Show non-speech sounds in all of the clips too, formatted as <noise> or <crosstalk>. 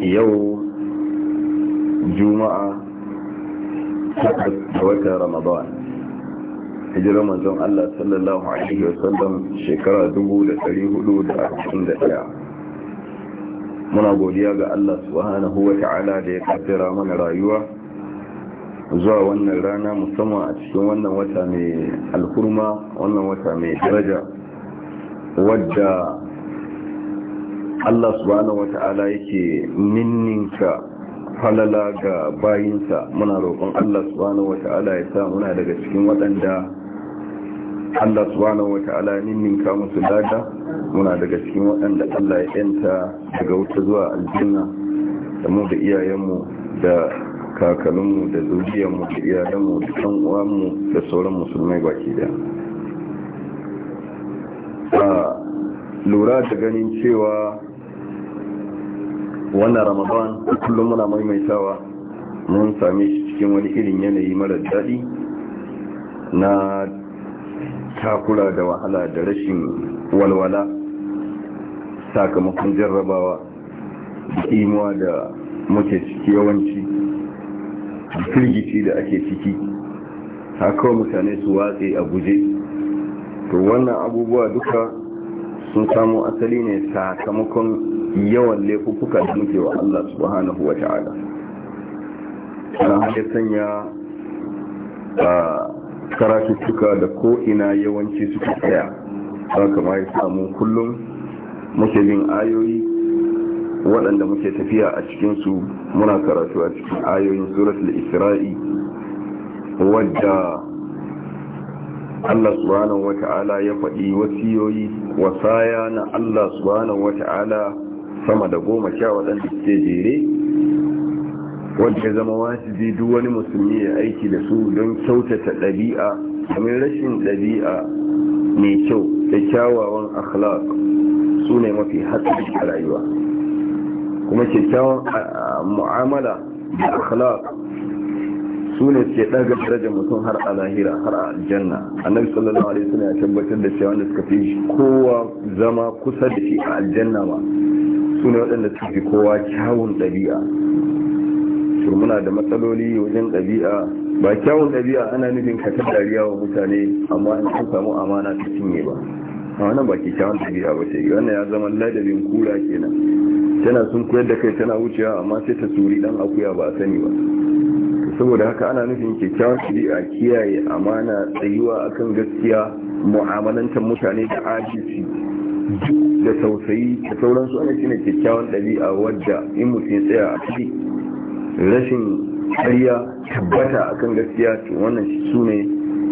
yau juma'a da watan ramadan hijirar manzon Allah sallallahu Alaihi wasallam shekara 1441 muna godiya ga Allah subhanahu wa ta'ala da ya kafira mana rayuwa zuwa wannan rana musamman a cikin wannan wata mai alkurma wannan wata mai daraja wadda Allah subhanahu wata'ala yake ninninka falala ga bayinsa muna roƙon Allah subhanahu wata'ala ya sa muna daga cikin waɗanda Allah subhanahu wata'ala ninninka musu lada muna daga cikin waɗanda Allah ya yanta daga wuta zuwa aljanna da mu da iyayenmu da kakanninmu da zuriyarmu da iyayenmu da kan uwanmu da sauran musulmai baki daya lura da ganin cewa wannan ramadan kullum muna maimaitawa mun sami shi cikin wani irin yanayi mara daɗi na takura da wahala da rashin walwala sakamakon jarrabawa imuwa da muke ciki yawanci firgici da ake ciki haka mutane su watse a guje to wannan abubuwa duka sun samu asali ne sakamakon yawan laifuka da muke wa Allah subhanahu wa ta'ala ana haka sanya a karatuttuka da ko'ina yawanci suka tsaya haka ma ya samu kullum muke bin ayoyi waɗanda muke tafiya a cikinsu muna karatu a cikin ayoyin suratul isra'i wadda Allah subhanahu wata'ala ya faɗi wasiyoyi wasaya na Allah subhanahu wata'ala sama da goma sha waɗanda suke jere wanda ya zama wajibi duk wani musulmi ya aiki da su don kyautata ɗabi'a kamar rashin ɗabi'a mai kyau da kyawawan akhlaq su ne mafi hatsari a rayuwa kuma kyakkyawan mu'amala da akhlaq su ne suke ɗaga darajar mutum har a lahira har a aljanna annabi sallallahu alaihi wasallam ya tabbatar da cewa wanda suka fi kowa zama kusa da shi a aljanna ma su ne waɗanda suka fi kowa kyawun ɗabi'a to muna da matsaloli wajen ɗabi'a ba kyawun ɗabi'a ana nufin ka dariya wa mutane amma in an samu amana ta cinye ba a wannan ba ke kyawun ɗabi'a ba ce wannan ya zama ladabin kura kenan tana sun koyar da kai tana wucewa amma sai ta suri dan akuya ba a sani ba saboda haka ana nufin kyakkyawan shari'a kiyaye amana tsayuwa akan gaskiya mu'amalantar mutane da adalci da tausayi da sauransu ana shine kyakkyawan ɗabi'a wadda in mutum tsaya a ciki rashin ƙarya tabbata akan gaskiya to wannan su ne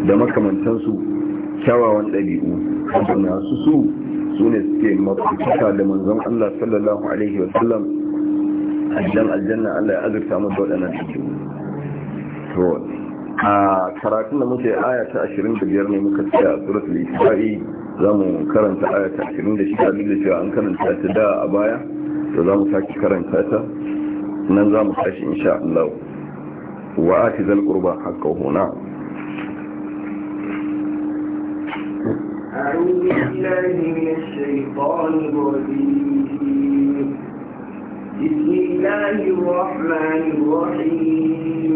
da makamantansu kyawawan ɗabi'u wanda masu su su ne suke da manzon Allah sallallahu alaihi wa sallam aljanna Allah ya azurta mu da waɗannan control a karatun da muke ayata 25 ne muka tsaya a suratul isra'i zamu karanta ayata 26 da cewa an karanta ta da a baya to zamu saki karanta ta nan zamu mu tashi insha Allah wa ati zal qurba haqqahu na أعوذ بالله من بسم الله الرحمن الرحيم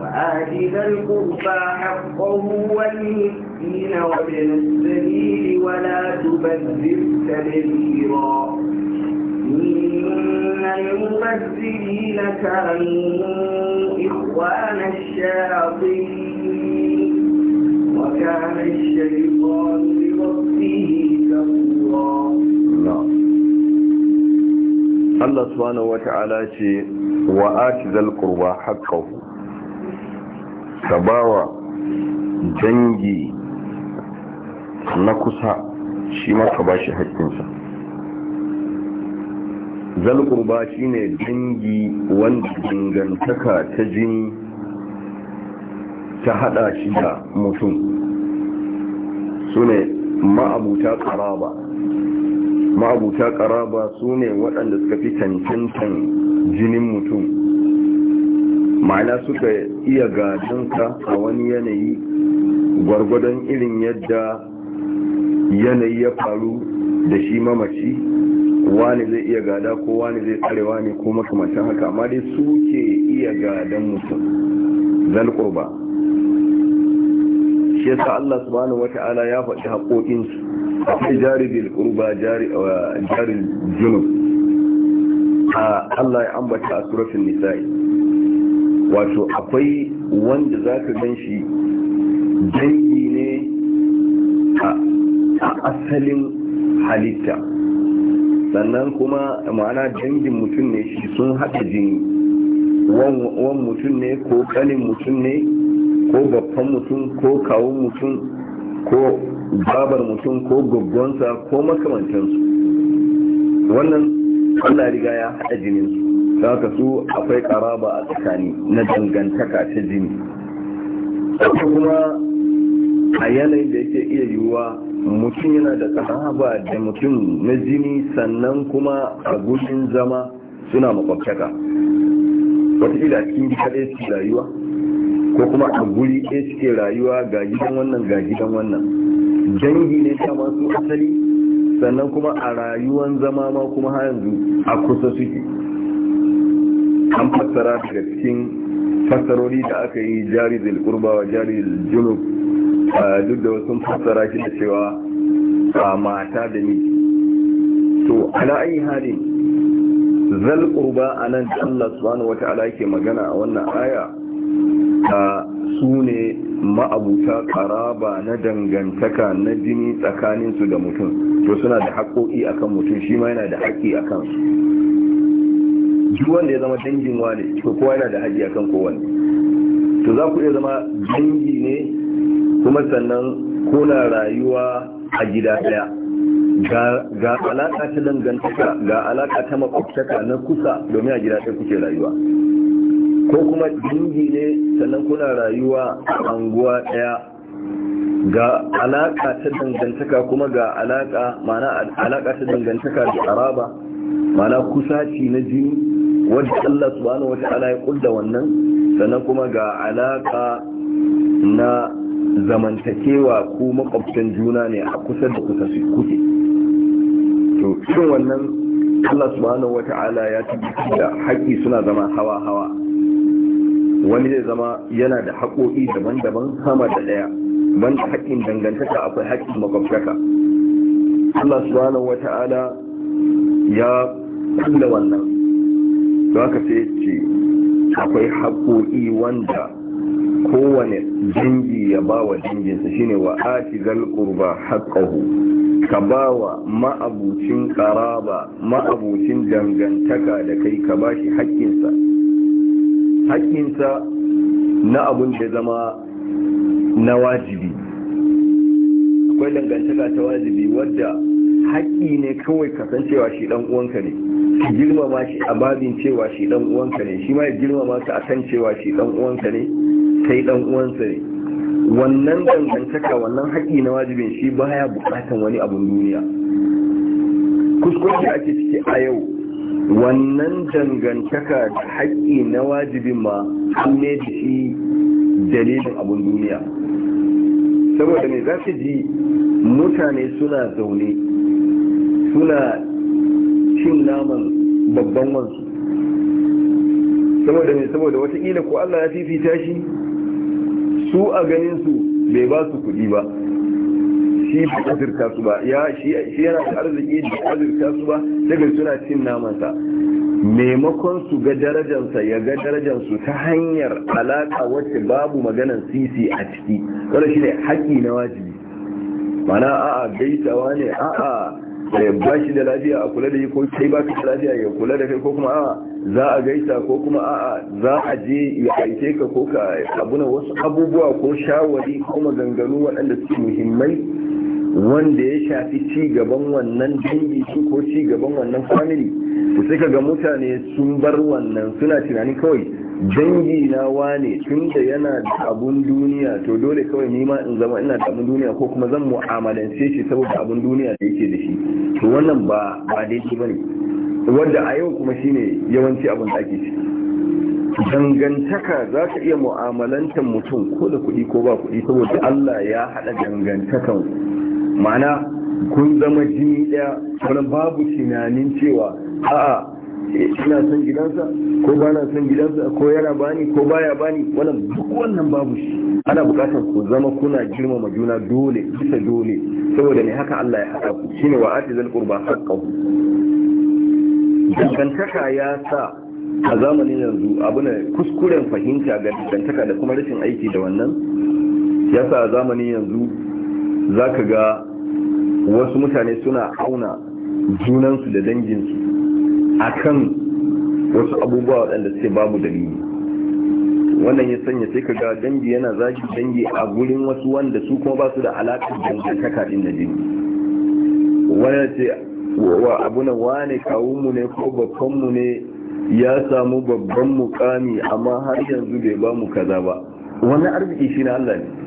وآت ذا القربى حقه والمسكين وابن السبيل ولا تبذر تبذيرا إن المبذرين كانوا إخوان الشياطين وكان الشيطان لربه كفورا نعم. الله سبحانه وتعالى شيء وآت ذا القربى حقه ka bawa jangi na kusa shi ma ka bashi haƙƙinsa zalƙurba shi ne dangi wanda dangantaka ta jini ta haɗa shi da mutum su ne ma'abuta ƙaraba ma'abuta ƙaraba su ne waɗanda suka fi cancantan jinin mutum ma'ana suka iya gadonsa a wani yanayi gwargwadon irin yadda yanayi ya faru da shi mamaci wani zai iya gada ko wani zai tsarewa ne ko makamacin haka amma dai su ke iya gadon mutum zalƙurba shi yasa Allah subhanahu wata'ala ya faɗi haƙoƙinsu akwai jari bil ƙurba jari uh, junub Allah ya ambata a surafin nisa'i wato akwai wanda za ka gan shi dangi ne a asalin halitta sannan kuma ma'ana dangin mutum ne shi sun haɗa jini wan mutum ne ko kanin mutum ne ko babban mutum ko kawun mutum ko babar mutum ko gaggonsa ko makamantansu wannan allah riga ya haɗa jininsu da haka su akwai karaba a tsakani na dangantaka ta jini kuma a yanayin da yake iya yiwuwa mutum yana da karaba da mutum na jini sannan kuma a gurin zama suna makwabtaka wataƙila cikin gida su rayuwa ko kuma a guri ɗaya suke rayuwa ga gidan wannan ga gidan wannan dangi ne ta masu asali sannan kuma a rayuwan zama ma kuma har yanzu a kusa suke an fassara daga cikin fassarori da aka yi jari da kurba wa jari junub duk da wasu fassara shi da cewa a mata da ni to ala ayi halin zal kurba a nan da Allah subhanahu wata'ala yake magana a wannan aya a su ne ma'abuta karaba na dangantaka na jini tsakaninsu da mutum to suna da haƙoƙi akan mutum shi ma yana da haƙƙi akan su duk wanda ya zama dangin wani to kowa yana da haƙƙi akan kowanne to za ku iya zama dangi ne kuma sannan kuna rayuwa a gida ɗaya ga alaƙa ta dangantaka ga alaƙa ta makwabtaka na kusa domin a gida ɗaya kuke rayuwa ko kuma dangi ne sannan kuna rayuwa a anguwa ɗaya ga alaƙa ta dangantaka kuma ga alaƙa mana alaƙa ta dangantaka da araba mana ci na jini wanda Allah subhanahu wata'ala ya kudda wannan sannan kuma ga alaka na zamantakewa ku makwabtan juna ne a kusa da kusa su kuke to shin wannan Allah subhanahu wata'ala ya tabbata da haƙi suna zama hawa hawa wani zai zama yana da haƙoƙi daban-daban sama da ɗaya banda haƙƙin dangantaka akwai haƙin makwabtaka Allah subhanahu wata'ala ya kulla wannan za ka sai ce akwai haƙoƙi wanda kowane dangi ya ba wa danginsa shine wa ati zal qurba ka ba wa ma'abucin ƙaraba ma'abucin dangantaka da kai ka ba shi haƙƙinsa haƙƙinsa na abun da zama na wajibi akwai dangantaka ta wajibi wadda haƙƙi ne kawai kasancewa shi dan uwanka ne ka girmama shi a babin cewa shi dan uwanka ne shi ma ya girmama ka a kan cewa shi dan uwanka ne kai dan uwansa ne wannan dangantaka wannan haƙi na wajibin shi baya buƙatan wani abun duniya kuskure ake ciki a yau wannan dangantaka da haƙi na wajibin ma an ne da shi dalilin abun duniya saboda me za ka ji mutane suna zaune suna cin naman babban wansu saboda ne saboda watakila ko Allah ya fifita shi su a ganin su bai ba su kuɗi ba shi ba azurta su ba ya shi yana da arziki da azurta su ba daga suna cin namansa maimakon su ga darajansa ya ga darajansu ta hanyar alaka wacce babu maganan sisi a ciki wadda shi ne haƙi na wajibi mana a'a gaitawa ne a'a ba shi da lafiya a kula da yi ko kai ba da lafiya ya kula da kai ko kuma a za a gaisa ko kuma a za a je ya aike ka ko ka na wasu abubuwa ko shawari ko maganganu waɗanda suke muhimmai wanda ya shafi ci gaban wannan dangi su ko ci gaban wannan family to sai kaga mutane sun bar wannan suna tunanin kawai dangi na wane tunda yana da abun duniya to dole kawai nima in zama ina da abun duniya ko kuma zan mu'amalance shi saboda abun duniya da yake da shi to wannan ba ba daidai bane wanda a yau kuma shine yawanci abun da ake ci. dangantaka za ka iya mu'amalantar mutum ko da kuɗi ko ba kuɗi saboda Allah ya haɗa dangantakan ma'ana kun zama jini ɗaya wani babu tunanin cewa a'a eh, ina son gidansa ko ba na son gidansa ko yana bani ko baya bani wannan duk wannan babu shi ana bukatar ku zama kuna girmama juna dole bisa dole saboda ne haka Allah ya haɗa ku shine wa ati zal qurba haqqahu dangantaka ya sa a zamanin yanzu abu na kuskuren fahimta ga dangantaka da kuma rashin aiki da wannan ya sa a zamanin yanzu za ka ga wasu mutane suna auna junansu da danginsu a kan wasu abubuwa waɗanda suke babu dalili wannan ya sanya sai ka ga dangi yana zagi dangi a gurin wasu wanda su kuma ba su da alaƙar ta ɗin da jini, wani ce wa abu na wane kawunmu ne ko babbanmu ne ya samu babban mukami amma har yanzu bai ba mu kaza ba wani arziki shi na Allah ne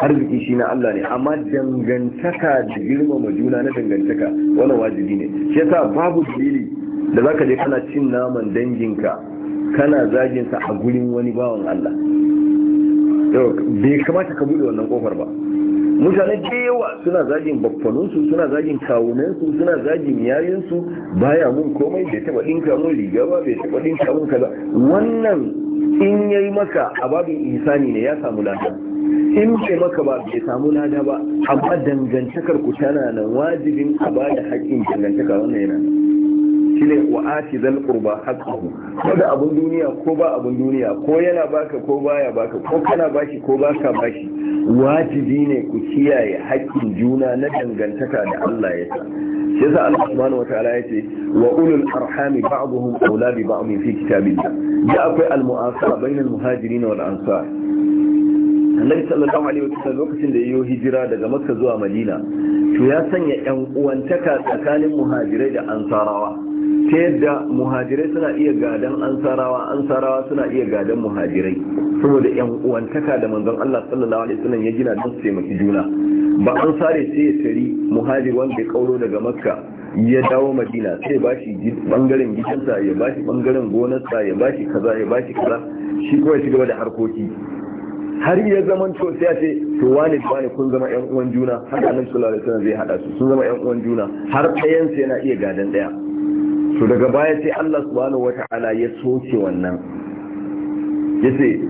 arziki shi na Allah ne amma dangantaka da girmama juna na dangantaka wannan wajibi ne shi yasa babu dalili da zaka je kana cin naman danginka kana zagin sa a gurin wani bawan Allah bai kamata ka bude wannan kofar ba mutane da yawa suna zagin su suna zagin kawunansu suna zagin su baya mun komai bai taba dinka mun riga ba bai taba dinka mun kaza wannan in yayi maka a babin ihsani ne ya samu lafiya in ce maka ba bai samu lada ba amma dangantakar ku tana nan wajibin a ba da haƙƙin dangantaka wannan yana ne wa ati zal qurba haqqahu ko da abun duniya ko ba abun duniya ko yana baka ko baya baka ko kana bashi ko baka bashi wajibi ne ku kiyaye haƙƙin juna na dangantaka da Allah ya sa shi yasa Allah subhanahu wataala ya ce wa ulul arhami ba'dhum awla bi ba'd fi kitabillah da akwai al mu'asara bainal muhajirin wal ansar annabi sallallahu alaihi wasallam lokacin da yayi hijira daga makka zuwa madina to ya sanya yan uwantaka tsakanin muhajirai da ansarawa ta yadda muhajirai suna iya gadan ansarawa ansarawa suna iya gadan muhajirai saboda yan uwantaka da manzon Allah sallallahu alaihi wasallam ya gina don su taimaki juna ba an sare sai ya tari muhajir wanda ya kauro daga makka ya dawo madina sai ba shi bangaren gidansa ya ba shi bangaren gonarsa ya ba shi kaza ya ba shi kaza shi kuma ya ci gaba da harkoki har ya zaman to sai a ce to wani ba kun zama yan uwan juna haka annabi sallallahu alaihi wasallam zai hada su sun zama yan uwan juna har ɗayan sai yana iya gadan ɗaya to daga baya sai Allah subhanahu wata'ala ya soke wannan yace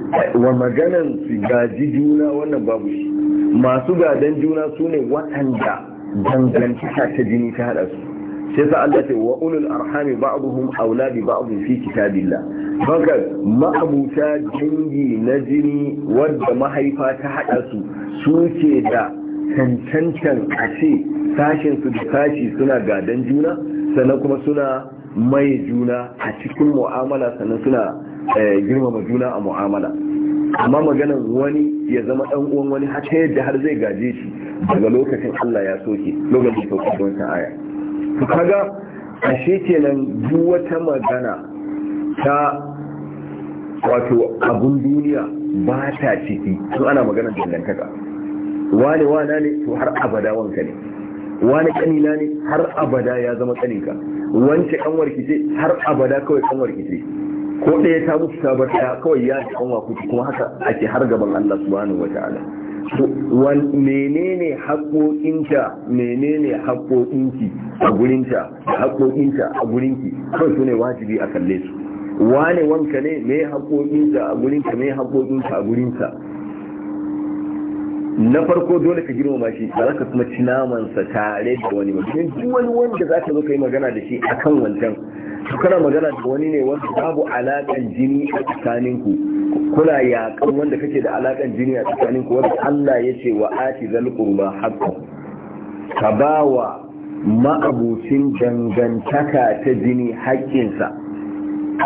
wa maganan su gaji juna wannan babu shi masu gadan juna sune ne waɗanda dangantaka ta jini ta hada su sai sa Allah ce wa ulul arhami ba'dhum aula bi ba'd fi kitabillah baka ma'abuta dangi na jini wanda mahaifa ta hada su suke da tantancan a ce sashin su da sashi suna gadan juna sannan kuma suna mai juna a cikin mu'amala sannan suna eh, girmama juna a mu'amala amma maganan wani ya zama dan uwan wani haka yadda har zai gaje shi daga lokacin Allah ya soke lokacin sauƙi don aya to kaga ashe kenan duk wata magana ta wato abun duniya ba ta ciki sun ana magana dangantaka wane wana ne to har abada wanka ne wani kanina ne har abada ya zama kaninka wance kanwar ce har abada kawai kanwar ce ko ɗaya ta mutu ta bar kawai ya kanwa kuci kuma haka ake har gaban Allah subhanahu wataala menene haƙoƙinta menene haƙoƙinki a gurinta haƙoƙinta a gurinki kan su ne wajibi a kalle su wane wanka ne me haƙoƙinta a gurinka me haƙoƙinta a ta? na farko dole ka girmama shi ba za ka kuma ci namansa tare da wani mutum duk wani wanda za ka zo ka yi magana da shi akan wancan to kana magana da wani ne wanda babu alaƙan jini a tsakaninku Kula yaƙan wanda kake da alaƙan jini a tsakaninku wanda Allah ya ce wa ati zal qurba haqqo ka ba wa ma'abucin dangantaka ta jini haƙƙinsa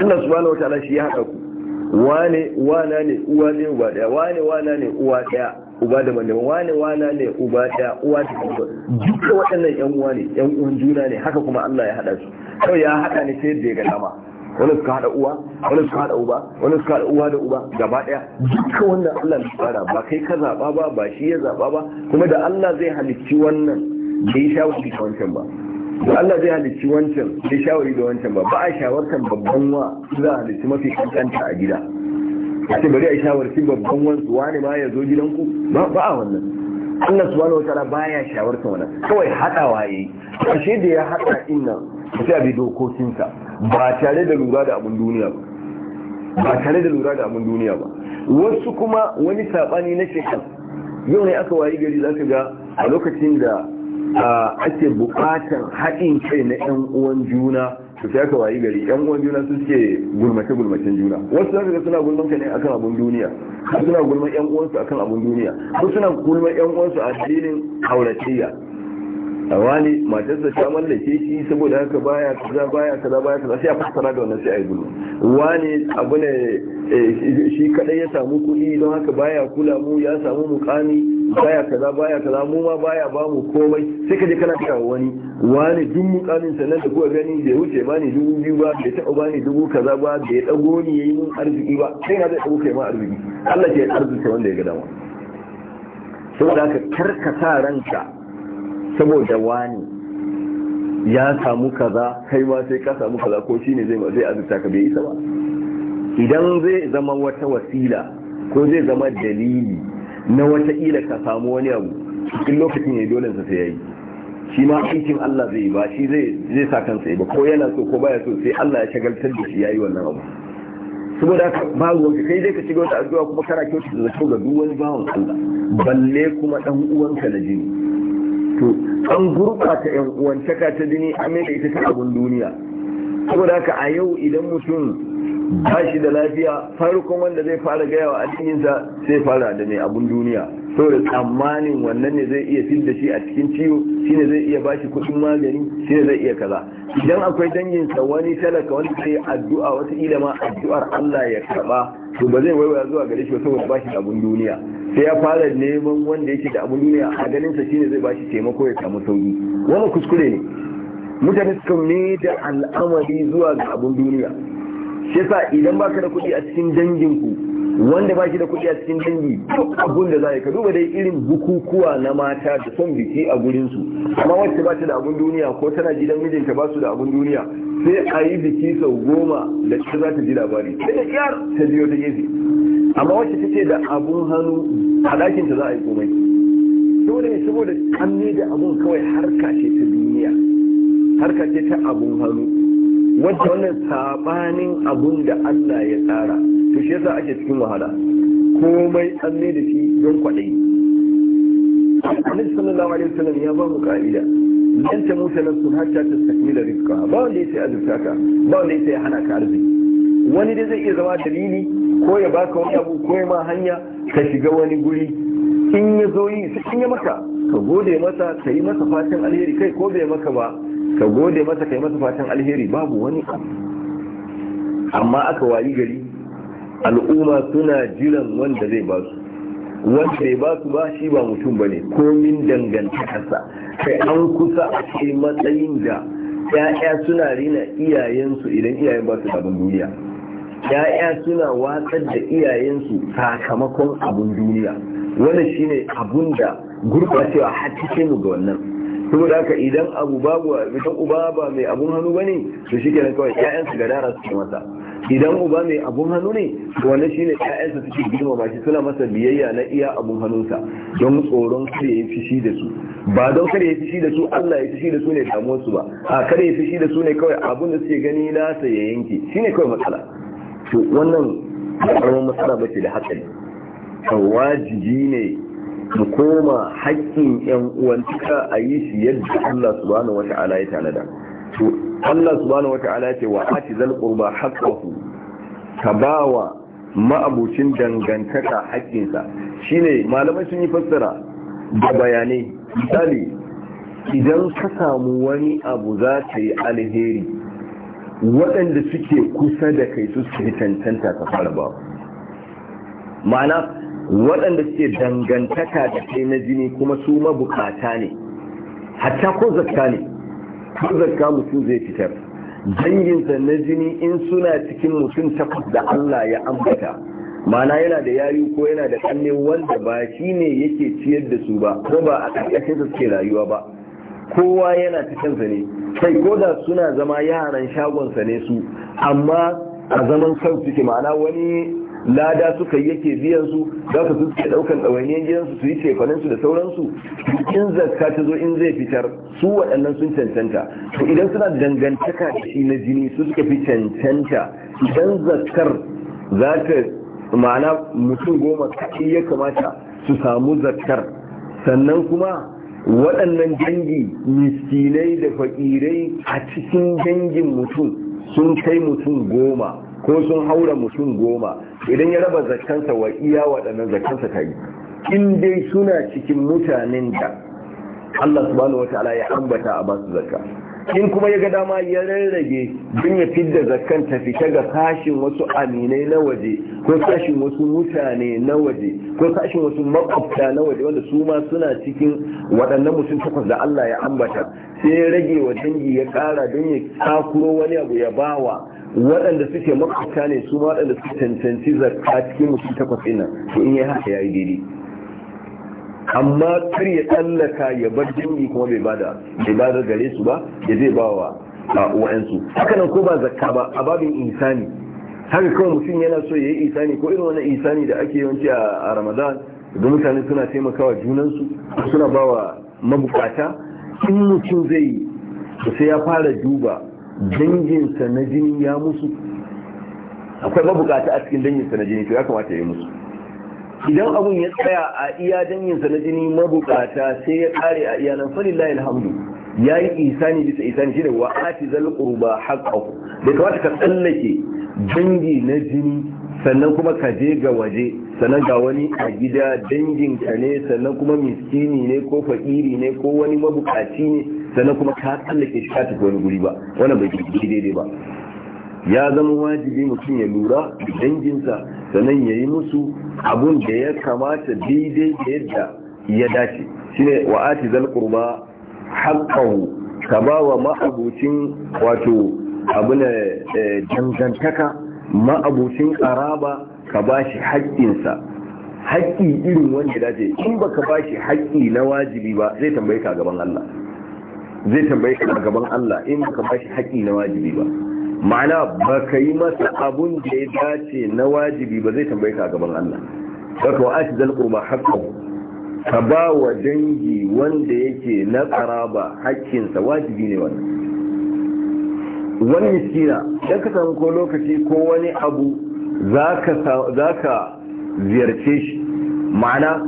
Allah subhanahu wataala shi ya haɗa ku wane wana ne uwa ne uwa daya wane wana ne uwa daya? uba da manema wane wana ne uba da uwa da kuma duka waɗannan yan uwa ne yan uwan juna ne haka kuma Allah ya hada su kawai ya hada ne sai da ya ga dama wani suka hada uwa wani suka hada uba wani suka hada uwa da uba gaba daya duka wannan Allah ya tsara ba kai ka zaba ba ba shi ya zaba ba kuma da Allah zai halicci wannan bai shawari da wancan ba da Allah zai halicci wancan ya shawari da wancan ba ba a shawartan babban wa za a halicci mafi kankanta a gida a bari a shawarci babban wansu wani ma ya zo gidanku ba a wannan Allah subhanahu wataala baya shawarta wannan kawai hadawa waye, ashe da ya hada inna sai bi dokokinsa ba tare da lura da abun duniya ba ba tare da lura da abun duniya ba wasu kuma wani saɓani na shekar yau ne aka wayi gari zaka ga a lokacin da ake bukatar haɗin kai na 'yan uwan juna su sai aka wayi gari yan uwan juna sun ce gulmace gulmacen juna wasu zaka ga suna gulman ka ne akan abun duniya wasu suna gulman yan uwansu akan abun duniya wasu suna gulman yan uwansu a dalilin auratayya a wani matarsa ta mallake shi saboda haka baya kaza baya kaza baya kaza sai a fassara da wannan sai a yi gulma wani abu ne eh, shi kadai ya samu kudi don haka baya kula mu ya samu mukami baya kaza baya kaza mu ma baya ba mu komai sai ka je kana kira wani wani duk mukamin sannan da kuka gani bai wuce ba ni dubu biyu ba bai taɓa ba ni dubu kaza ba bai ɗago ni yayi mun arziki ba sai na zai ɗago kai ma arziki Allah ke arziki wanda ya ga dama saboda ka karkata ranka saboda wani ya samu kaza kai ma sai ka samu kaza ko shine zai zai azurta ka bai isa ba idan zai zama wata wasila ko zai zama dalili na wataƙila ka samu wani abu cikin lokacin ya yi dole sa sai ya yi shi ma aikin Allah zai ba shi zai sa kansa ba ko yana so ko baya so sai Allah ya shagaltar da shi yayi wannan abu saboda haka ba wanda kai dai ka shiga wata addu'a kuma kana kyautu da zato ga duwan bawon Allah balle kuma dan uwanka na jini to an gurbata yan uwantaka ta jini amai ita ta abun duniya saboda haka a yau idan mutum ba da lafiya farkon wanda zai fara gaya wa addininsa sai fara da mai abun duniya saboda tsammanin wannan ne zai iya fil da shi a cikin ciwo shine zai iya ba shi kuɗin magani shine zai iya kaza idan akwai danginsa wani talaka wani sai addu'a wata ilama addu'ar Allah ya karba to ba zai waiwaya zuwa gare shi saboda ba shi da abun duniya sai ya fara neman wanda yake da abun duniya a ganin shi shine zai ba shi taimako ya samu sauki wannan kuskure ne mutane suka mai da al'amari zuwa ga abun duniya shi yasa idan baka da kuɗi a cikin dangin ku wanda baki da kuɗi a cikin dangi abun da za ka duba dai irin bukukuwa na mata da son biki a gurin su amma wacce ba da abun duniya ko tana gidan mijinta ba su da abun duniya sai a yi biki sau goma da ita za ta ji labari sai da kyar ta biyo ta gefe amma wacce ta ce da abun hannu a ɗakinta za a yi komai saboda ne saboda an da abun kawai harka ce ta duniya harka ce ta abun hannu wacce wannan sabanin abun da Allah ya tsara to shi yasa ake cikin wahala komai an ne da shi don kwaɗayi annabi sallallahu alaihi wasallam ya ba mu ka'ida lan sun nafsun ta tastakmila rizqa ba wanda yake azurta ba wanda yake hana ka arziki wani dai zai iya zama dalili ko ya baka wani abu ko ma hanya ka shiga wani guri in ya zo yi sai in ya maka ka gode masa ka yi masa fatan alheri kai ko bai maka ba ka gode masa kai masa fatan alheri babu wani amma aka wayi gari al'umma suna jiran wanda zai ba su wanda bai ba su ba shi ba mutum ba ne komin dangantakarsa kai an kusa a kai matsayin da ya'ya suna rina iyayensu idan iyayen ba su abin duniya ya'ya suna watsar da iyayensu sakamakon abin duniya wannan shine abun da gurbacewa har cikin ga wannan saboda haka idan abu babu idan uba ba mai abun hannu ba bane to kenan kawai ƴaƴansu ga dara suke masa idan uba mai abun hannu ne to wannan shine ƴaƴansa suke ba shi suna masa biyayya na iya abun hannunsa don tsoron kare ya fishi da su ba don kare ya fishi da su Allah ya fishi da su ne damuwar su ba a kare ya fishi da su ne kawai abun da suke gani na ta ya yanke shine kawai matsala to wannan karamin matsala ce da hatsari wajibi ne mu koma haƙƙin yan uwantaka a yi shi yadda Allah subhanahu wata'ala ya tanada to Allah subhanahu wata'ala ya ce wa ati zal qurba haqqahu ka wa ma'abucin dangantaka haƙƙinsa shine malamai sun yi fassara da bayanai misali idan ka samu wani abu za ka yi alheri waɗanda suke kusa da kai su su cancanta ka fara ba ma'ana waɗanda suke dangantaka da kai na jini kuma su mabukata ne hatta ko zakka ne ko zakka mutum zai fitar danginsa na jini in suna cikin mutum takwas da Allah ya ambata mana yana da yayu ko yana da kanne wanda ba shi ne yake ciyar da su ba ko ba a ƙarƙashinsa suke rayuwa ba kowa yana sa ne sai ko da suna zama yaran shagonsa ne su amma a zaman kansu suke ma'ana wani lada suka yake biyan su za su suke daukan ɗawainiyar gidansu su yi cefanensu su da sauransu in zakka ta zo in zai fitar su waɗannan sun cancanta to idan suna dangantaka da shi na jini su suka fi cancanta idan zakkar za ta ma'ana mutum goma kaɗai ya kamata su samu zakkar sannan kuma waɗannan dangi miskinai da fakirai a cikin dangin mutum sun kai mutum goma ko sun haura mutum goma idan ya raba zakansa wa iya waɗannan zakansa ta yi in dai suna cikin mutanen da Allah subhanahu wataala ya ambata a basu zakka in kuma ya ga dama ya rarrage don ya fidda zakkan ta fita ga sashin wasu aminai na waje ko sashin wasu mutane na waje ko sashin wasu makwabta na waje wanda su ma suna cikin waɗannan mutum takwas da Allah ya ambata sai ya rage wa dangi ya ƙara don ya kakuro wani abu ya bawa waɗanda suke makwabta ne su ma waɗanda suke cancanci zakka cikin mutum takwas ɗin to in ya haka ya yi daidai amma kar ya tsallaka ya bar jini kuma bai bada bai bada gare su ba ya zai ba wa wa'ansu haka ko ba zakka ba a babin insani haka kawai mutum yana so ya yi isani ko irin wani isani da ake yawanci a ramadan da mutane suna taimakawa junansu suna ba wa mabukata in mutum zai yi sai ya fara duba danginsa na jini ya musu akwai mabukata a cikin danginsa na jini to ya kamata ya yi musu idan abun ya tsaya a iya danginsa na jini mabukata sai ya kare a iya nan falillahi alhamdu ya yi isani bisa isani shi wa ati zal qurba haqqahu da kamata ka tsallake dangi na jini sannan kuma ka je ga waje sannan ga wani a gida danginka ne sannan kuma miskini ne ko fakiri ne ko wani mabukaci ne sannan kuma ta tsallake shi ka tafi wani guri ba wani bai tafi daidai ba ya zama wajibi mutum ya lura da danginsa sannan ya yi musu abun da ya kamata daidai da yadda ya dace ne wa ati zal ka ba wa ma'abucin wato abin eh, dangantaka ma'abucin karaba ka ba shi haƙƙinsa haƙƙi irin wanda dace in ba ka ba shi haƙƙi na wajibi ba zai tambaye ka gaban Allah zai tambaye ka a gaban Allah in baka ba shi haƙi na wajibi ba ma'ana ba ka yi masa abun da ya dace na wajibi ba zai tambaye ka a gaban Allah ka kawo ashi zal kurma haƙƙo ka ba wa dangi wanda yake na ƙaraba haƙƙinsa wajibi ne wannan wani miskina don ka samu ko lokaci ko wani abu za ka ziyarce shi ma'ana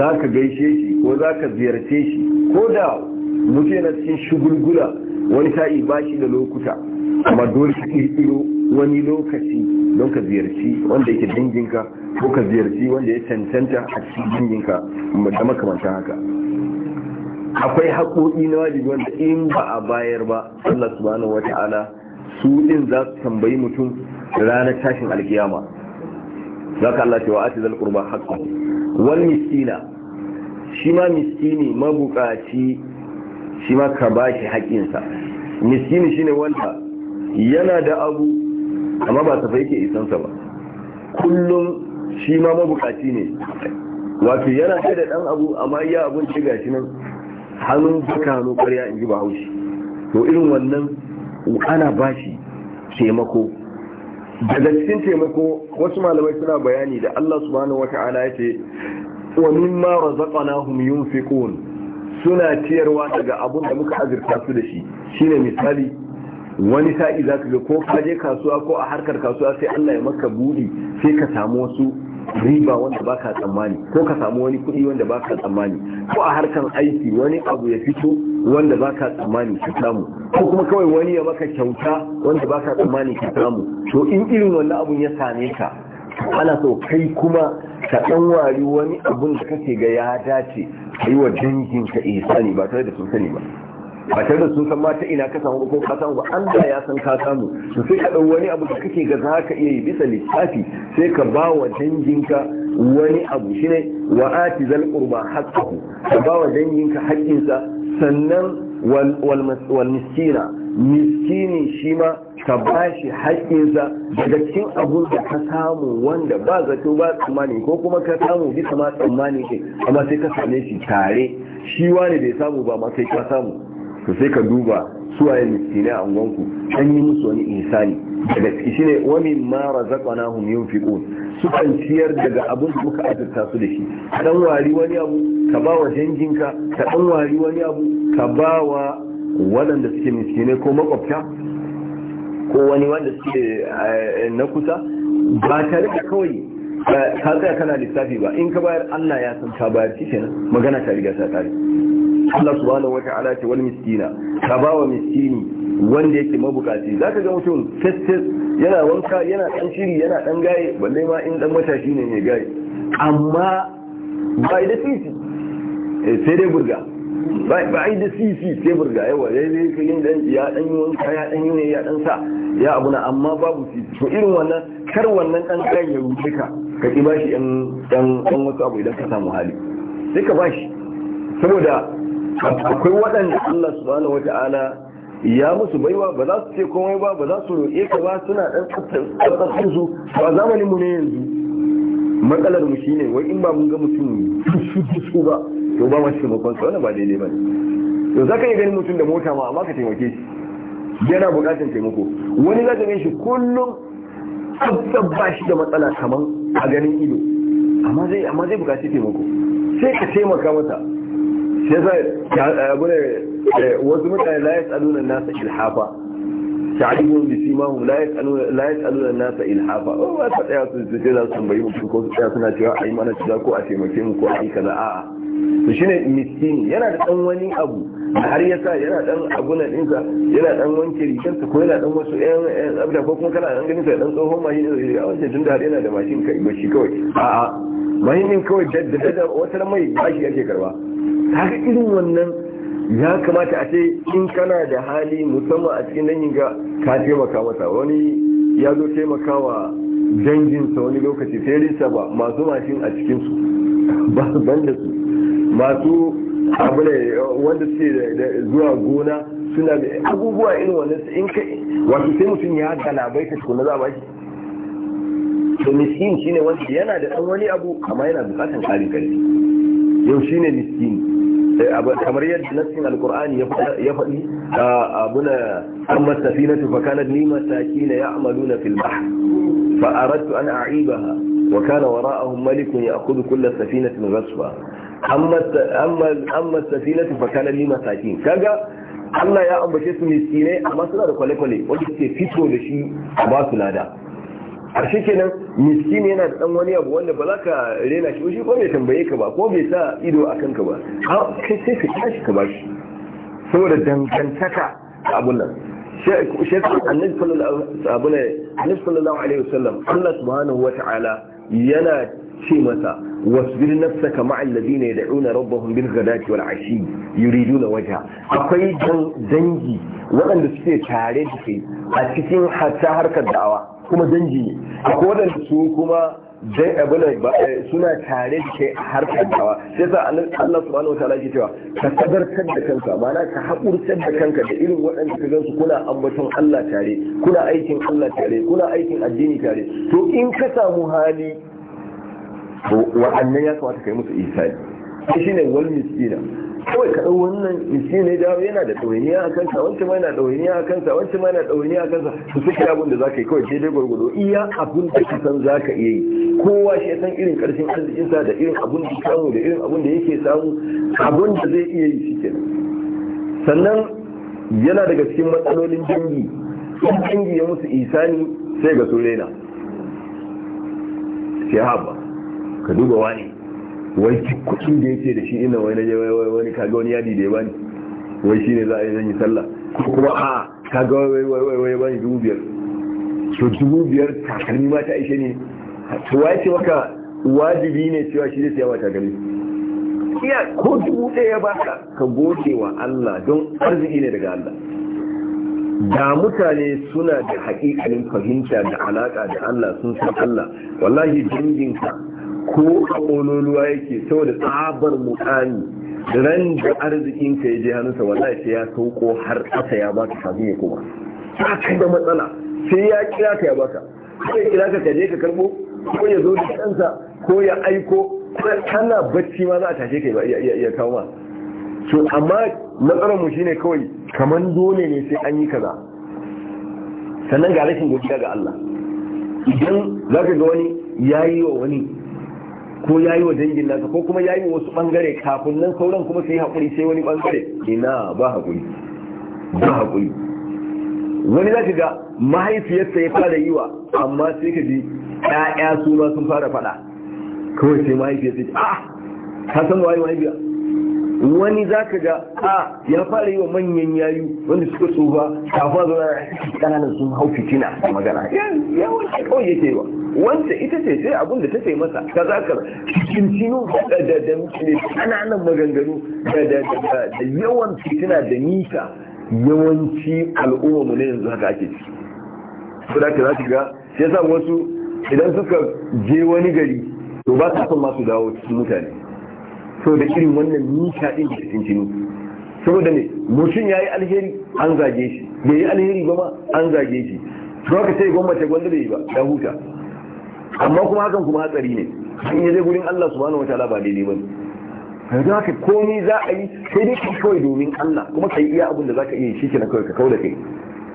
za ka gaishe shi ko za ka ziyarce shi ko da mutum yana cikin shugulgula wani sa'i ba shi da lokuta amma dole ka kirkiro wani lokaci don ka ziyarci wanda yake danginka ko ka ziyarci wanda ya cancanta a cikin danginka da makamanta haka akwai haƙoƙi na wajibi wanda in ba a bayar ba Allah subhanahu ta'ala su din za su tambayi mutum ranar tashin alkiyama za ka Allah cewa ati zalƙurba qurba wani miskina shi ma miskini mabukaci shi ma ka ba shi haƙinsa miskini shine wanda yana da abu amma ba ta yake isansa ba kullum shi ma mabukaci ne wato yana kai da ɗan abu amma ya abun ci gashi nan hannun duka hannu ƙarya in ji ba haushi to irin wannan ana bashi taimako daga cikin taimako wasu malamai suna bayani da Allah subhanahu wa ta'ala ya ce wa mimma razaqnahum yunfiqun suna ciyarwa daga abun da muka azurta su da shi shine misali wani sa'i za ka ga ko ka kasuwa ko a harkar kasuwa sai Allah ya maka buɗi sai ka samu wasu riba wanda ba ka tsammani ko ka samu wani kuɗi wanda ba ka tsammani ko a harkar aiki wani abu ya fito wanda ba ka tsammani ka samu ko kuma kawai wani ya maka kyauta wanda ba ka tsammani ka samu to in irin wannan abun ya same ka ana so kai kuma ka ɗan wari wani abun da kake ga ya dace ka yi wa danginka isani ba tare da sun sani ba ba tare da sun san ma ta ina ka samu ko ka samu ba Allah ya san ka samu to sai ka dau wani abu da kake ga za ka iya yi bisa lissafi sai ka ba wa danginka wani abu shine wa ati zal qurba haqqahu ka ba wa danginka haƙƙinsa sannan wal miskina miskini shi ma ka bashi haƙƙinsa daga cikin abun da ka samu wanda ba zato ba tsammani ko kuma ka samu bisa ma tsammani ke amma sai ka same shi tare shi wani bai samu ba ma sai ka samu to sai ka duba suwaye miskine a unguwanku an yi musu wani insani daga ciki shine wa mimma razaqnahum su kan ciyar daga abin da muka azurta su da shi ka ɗan wari wani abu ka ba wa janjinka ka ɗan wari wani abu ka ba wa waɗanda suke miskine ko makwabta ko wani wanda suke eh, na kusa ba tare da kawai eh, ka tsaya kana lissafi ba in ka bayar Allah ya san ka bayar shi kenan magana ta riga ta tare Allah subhanahu wata'ala ce wal miskina ka ba wa miskini wanda yake mabukaci zaka ga mutum fesfes yana wanka yana dan shiri yana dan gaye balle ma in dan matashi ne mai gaye amma ba da sisi eh, sai dai burga ba yi da sisi sai burga yawa dai yi yin dan ya dan yi wanka ya dan yi ne ya dan sa ya abuna. amma babu sisi to irin wannan kar wannan dan kan ya rufe ka ka ki bashi dan dan wasu abu idan ka samu hali sai ka bashi saboda akwai waɗanda Allah subhanahu wata'ala ya musu baiwa ba za su ce komai ba ba za su roƙe ka ba suna ɗan tsattsatsin su ba zamanin mu ne yanzu matsalar mu shine wai in ba mun ga mutum su ba to ba ma shi makon sa ba daidai ba to za ka iya ganin mutum da mota ma amma ka taimake shi yana buƙatar taimako wani za ka shi kullum tsabtsab ba shi da matsala kaman a ganin ido amma zai buƙaci taimako sai ka taimaka masa shi yasa eh, abu ne eh, wasu mutane la yasaluna nasa ilhafa ta'rifun bi simahum la yasaluna la yasaluna nasa ilhafa oh ba tsaya su za su tambayi ko su tsaya suna cewa ai mana kaza ko a taimake mu ko ai kaza a'a to ne miskini yana da ɗan wani abu a har yasa yana abu abunan ɗinsa yana ɗan wanke rikinsa ko yana ɗan wasu ɗan abda ko kuma kana ɗan ganin sa ɗan tsohon mashin ne a wancan tunda har yana da mashin kai shi kawai a'a mahimmin kawai da da wata mai bashi ake karba haka irin wannan ya kamata a ce in kana da hali musamman a cikin dangin ga ka taimaka masa wani ya zo taimakawa danginsa wani lokaci sai lissa ba masu mashin a cikinsu <laughs> ba ban da su masu abu ne wanda suke zuwa gona suna da abubuwa irin wannan in kai sai mutum ya galabai ta tukuna za ba shi to miskin shine wanda yana da dan wani abu amma yana bukatan kari karfi yau shine miskin eh, kamar yadda nassin alkur'ani ya faɗi abuna an safinatu tu fakanat li masakina ya'maluna fil bahr fa aradtu an a'ibaha wa kana wara'ahum malikun ya'khudhu kull safinatin ghasba amma safinatu fa kana lima sakin kaga Allah ya ambace su miskinai amma suna da kwale-kwale wanda suke fito da shi a ba su lada a shi kenan miskini yana da dan wani abu wanda ba za ka rena shi shi ko bai tambaye ka ba ko bai sa ido a kanka ba kai sai ka tashi ka bashi saboda dangantaka abun nan shekar annabi sallallahu alaihi wasallam Allah subhanahu wa ta'ala yana ce masa wasbir nafsaka ma'al ladina yad'una rabbahum bil ghadati wal ashi yuriduna wajha akwai dangi waɗanda suke tare da kai a cikin hatta harkar da'awa kuma dangi ne akwai waɗanda su kuma dan abuna suna tare da kai a harkar da'awa sai sa Allah subhanahu wa ta'ala ke cewa ka sadarkar da kanka ma'ana ka haƙurtar da kanka da irin waɗanda ka gansu kuna ambaton Allah tare kuna aikin Allah tare kuna aikin addini tare to in ka samu hali to wa'annan ya kamata kai musu isali sai shine wal miskina kawai ka dau wannan miskina ya dawo yana da ɗawainiya a kansa wancan ma yana ɗawainiya a kansa wancan ma yana ɗawainiya a kansa to suke abin da zaka yi kawai daidai gwargwado iya abin da ka san zaka iya yi kowa shi ya san irin karshen arzikinsa da irin abin da samu da irin abin da yake samu abin da zai iya yi shikenan sannan yana daga cikin matsalolin dangi in dangi ya musu isani sai ga su rena sai haba ka duba wani wai kudin da yake da shi ina wai naje wai wani kaga wani yadi da ya bani wai shine za a yi zan yi sallah kuma a kaga wai wai wai wai bani dubu biyar to dubu biyar takalmi ma ta aishe ne to wai ce maka wajibi ne cewa shi zai siya ma takalmi iya ko dubu ɗaya ya ba ka goce wa Allah don arziki ne daga Allah da mutane suna da haƙiƙanin fahimta da alaƙa da Allah sun san Allah wallahi ka ko a yake saboda tsabar muƙami ran da arzikin ka ya je hannunsa wallahi sai ya sauko har ƙasa ya baka kafin ya koma ta ka da matsala sai ya kira ka ya baka ko ya kira ka ka je ka karbo ko ya zo da kansa ko ya aiko kana bacci ma za a tashe ka ya kawo ma so amma matsalar mu shine kawai kamar dole ne sai an yi kaza sannan ga rashin godiya ga Allah idan za ka ga wani ya yi wa wani ko ya yi wa dangin nasa ko kuma ya yi wasu bangare kafin nan sauran kuma sai haƙuri sai wani bangare ina ba haƙuri ba haƙuri wani za ga mahaifiyarsa ya fara yi wa amma sai ka ji ƴaƴa su ma sun fara faɗa kawai sai mahaifiyarsa ce ah ka san waye mahaifiya wani za ka ga a ah, ya fara yi wa manyan yayu wanda suka tsufa kafin zuwa ƙananan sun hau fitina magana yawan kawai yake yi wa wanda ita ce sai abin da ta ce masa ka za ka cincinu da ƙananan maganganu da da yawan fitina da nisa yawanci al'umma mu ne yanzu haka ake ciki su da za ki ga sai sa wasu idan suka je wani gari to ba su son masu dawo cikin mutane so da irin wannan nisa din da cincinu saboda ne mutum ya yi alheri an zage shi bai yi alheri ba ma an zage shi to haka sai gwamnati gwamnati bai yi ba ya huta amma kuma hakan kuma hatsari ne yi zai gurin Allah su subhanahu ala ba daidai bane yanzu haka komai za a yi sai dai kai kawai domin Allah kuma ka yi iya abin da ka iya shi kenan kawai ka kauda kai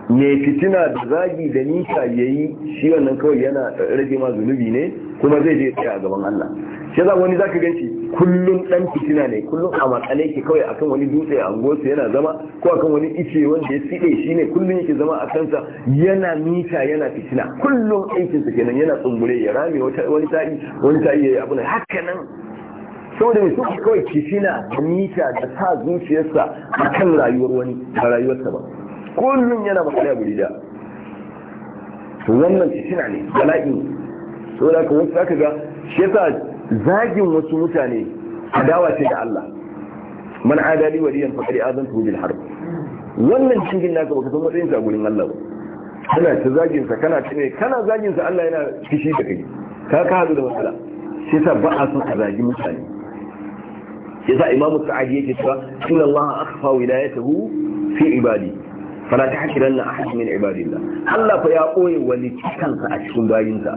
me fitina da zagi da nisa yi shi wannan kawai yana rage ma zunubi ne kuma zai je tsaya a gaban Allah shi za wani gan ganci kullum dan fitina ne kullum a makale ke kawai akan wani dutse a angosu yana zama ko akan wani ice wanda ya tside shi ne kullum yake zama a kansa yana mita yana fitina kullum aikinsa kenan yana tsungure ya rame wani ta'i wani ta'i ya yi abu haka nan saboda mai suka kawai fitina da mita da sa zuciyarsa a kan rayuwar wani ba rayuwarsa ba kullum yana makale a guri da wannan fitina ne bala'i saboda ka wasu ga shi yasa zagin wasu mutane adawa ce da Allah man adali waliyan faqad azantu bil harb wannan cikin naka baka san matsayin sa gurin Allah ba kana ta zagin sa kana ta kana zagin sa Allah yana kishi da kai ka ka hadu da matsala shi sa ba a son a zagi mutane yasa imamu sa'adi yake cewa inna Allah akhfa wilayatahu fi ibadi fala ta hakiran na ahad min ibadillah Allah fa ya koye wani kansa a cikin bayinsa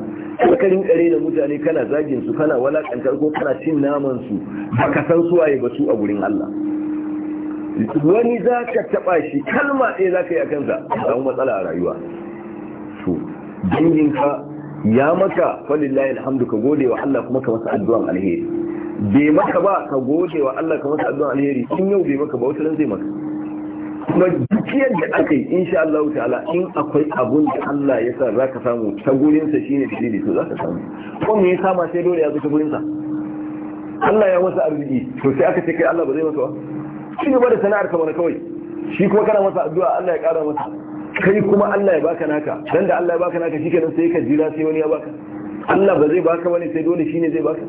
karin kare da mutane kana zagin su kana walakantar ko kana cin naman su ka san suwaye ba su a gurin Allah wani za ka taɓa shi kalma ɗaya za ka yi a kansa samu matsala a rayuwa to danginka ya maka falillahi alhamdu ka gode wa Allah kuma ka masa addu'an alheri bai maka ba ka gode wa Allah ka masa addu'an alheri in yau bai maka ba wata zai maka kuma da aka yi insha Allah ta'ala in akwai abun da Allah ya sa za ka samu ta gurinsa shi ne dalili to za ka samu ko me ya sama sai dole ya zo ta gurinsa Allah ya masa arziki to sai aka ce kai Allah ba zai masa ba shi ne da sana'ar ka mana kawai shi kuma kana masa addu'a Allah ya ƙara masa kai kuma Allah ya baka naka dan da Allah ya baka naka shikenan sai ka jira sai wani ya baka Allah ba zai baka wani sai dole shi ne zai baka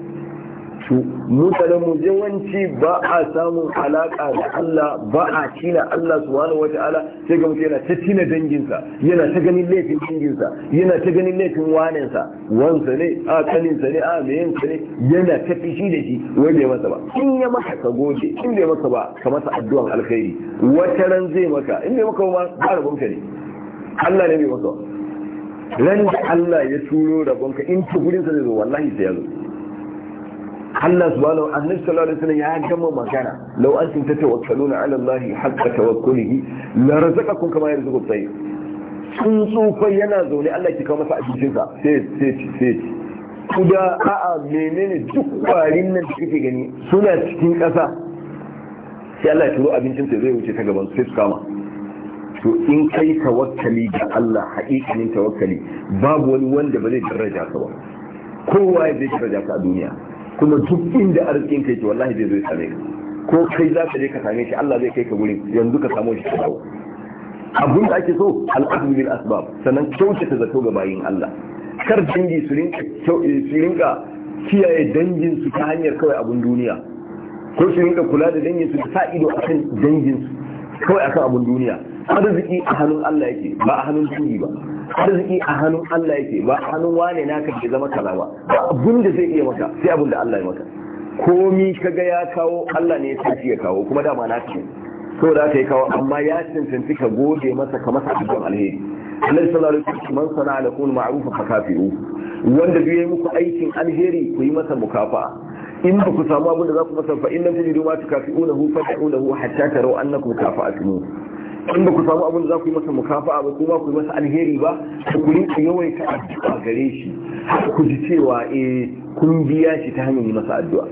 su mutanenmu yawanci ba a samun alaƙa da Allah ba a cina Allah subhanahu wa ta'ala sai ga mutum yana ta cina danginsa yana ta ganin laifin danginsa yana ta ganin laifin wanensa wansa ne a kaninsa ne a sa ne yana ta fishi da shi wai ya masa ba in ya maka ka goge in bai masa ba ka masa addu'an alkhairi wata ran zai maka in bai maka ba ba ka ne Allah ne bai maka ran da Allah ya turo ka in sa zai zo wallahi sai ya zo Allah subhanahu annabi sallallahu alaihi wasallam ya gama magana law antum tatawakkaluna ala Allah haqqa tawakkulihi la razaqakum kama yarzuqu at sun tsufa yana zaune Allah ki kawo masa abincinsa sai sai sai kuda a'a menene duk kwarin nan da kake gani suna cikin kasa sai Allah ya turo abincin zai wuce ta gaban sai su kama to in kai tawakkali ga Allah haƙiƙanin tawakkali babu wani wanda ba zai daraja ka ba kowa ya zai daraja ka a duniya kuma duk inda arzikin kai yake wallahi zai zo ya same ka ko kai za ka je ka same shi Allah zai kai ka wurin" yanzu ka samu shi ka dawo abin da ake so al'adu bil asbab sannan kyautata zato ga bayin Allah kar dangi su rinka eh, su rinka kiyaye dangin su ta hanyar kawai abun duniya ko su rinka kula da dangin su ta ido akan dangin su kawai akan abun duniya arziki a hannun Allah yake ba a hannun tuyi ba arziki a hannun Allah yake ba a hannun wane naka ke zama kaza ba abin da zai iya maka sai abin da Allah ya maka komi kaga ya kawo Allah ne ya sace ya kawo kuma dama na ce da haka yi kawo amma ya cancanci ka gode masa ka masa cikin alheri Allah sallallahu alaihi wasallam man sana'a lakum ma'rufa fakafiru wanda duk yayi muku aikin alheri ku yi masa mukafa in ba ku samu abin da za ku masa fa in lam tujidu ma tukafi'unahu fad'unahu hatta taraw annakum kafa'atumuhu in ba ku samu abin da za ku yi masa mukafa'a ba ku yi masa alheri ba ku yawai yawaita addu'a gare shi ku ji cewa eh kun biya shi ta hanyar yi masa addu'a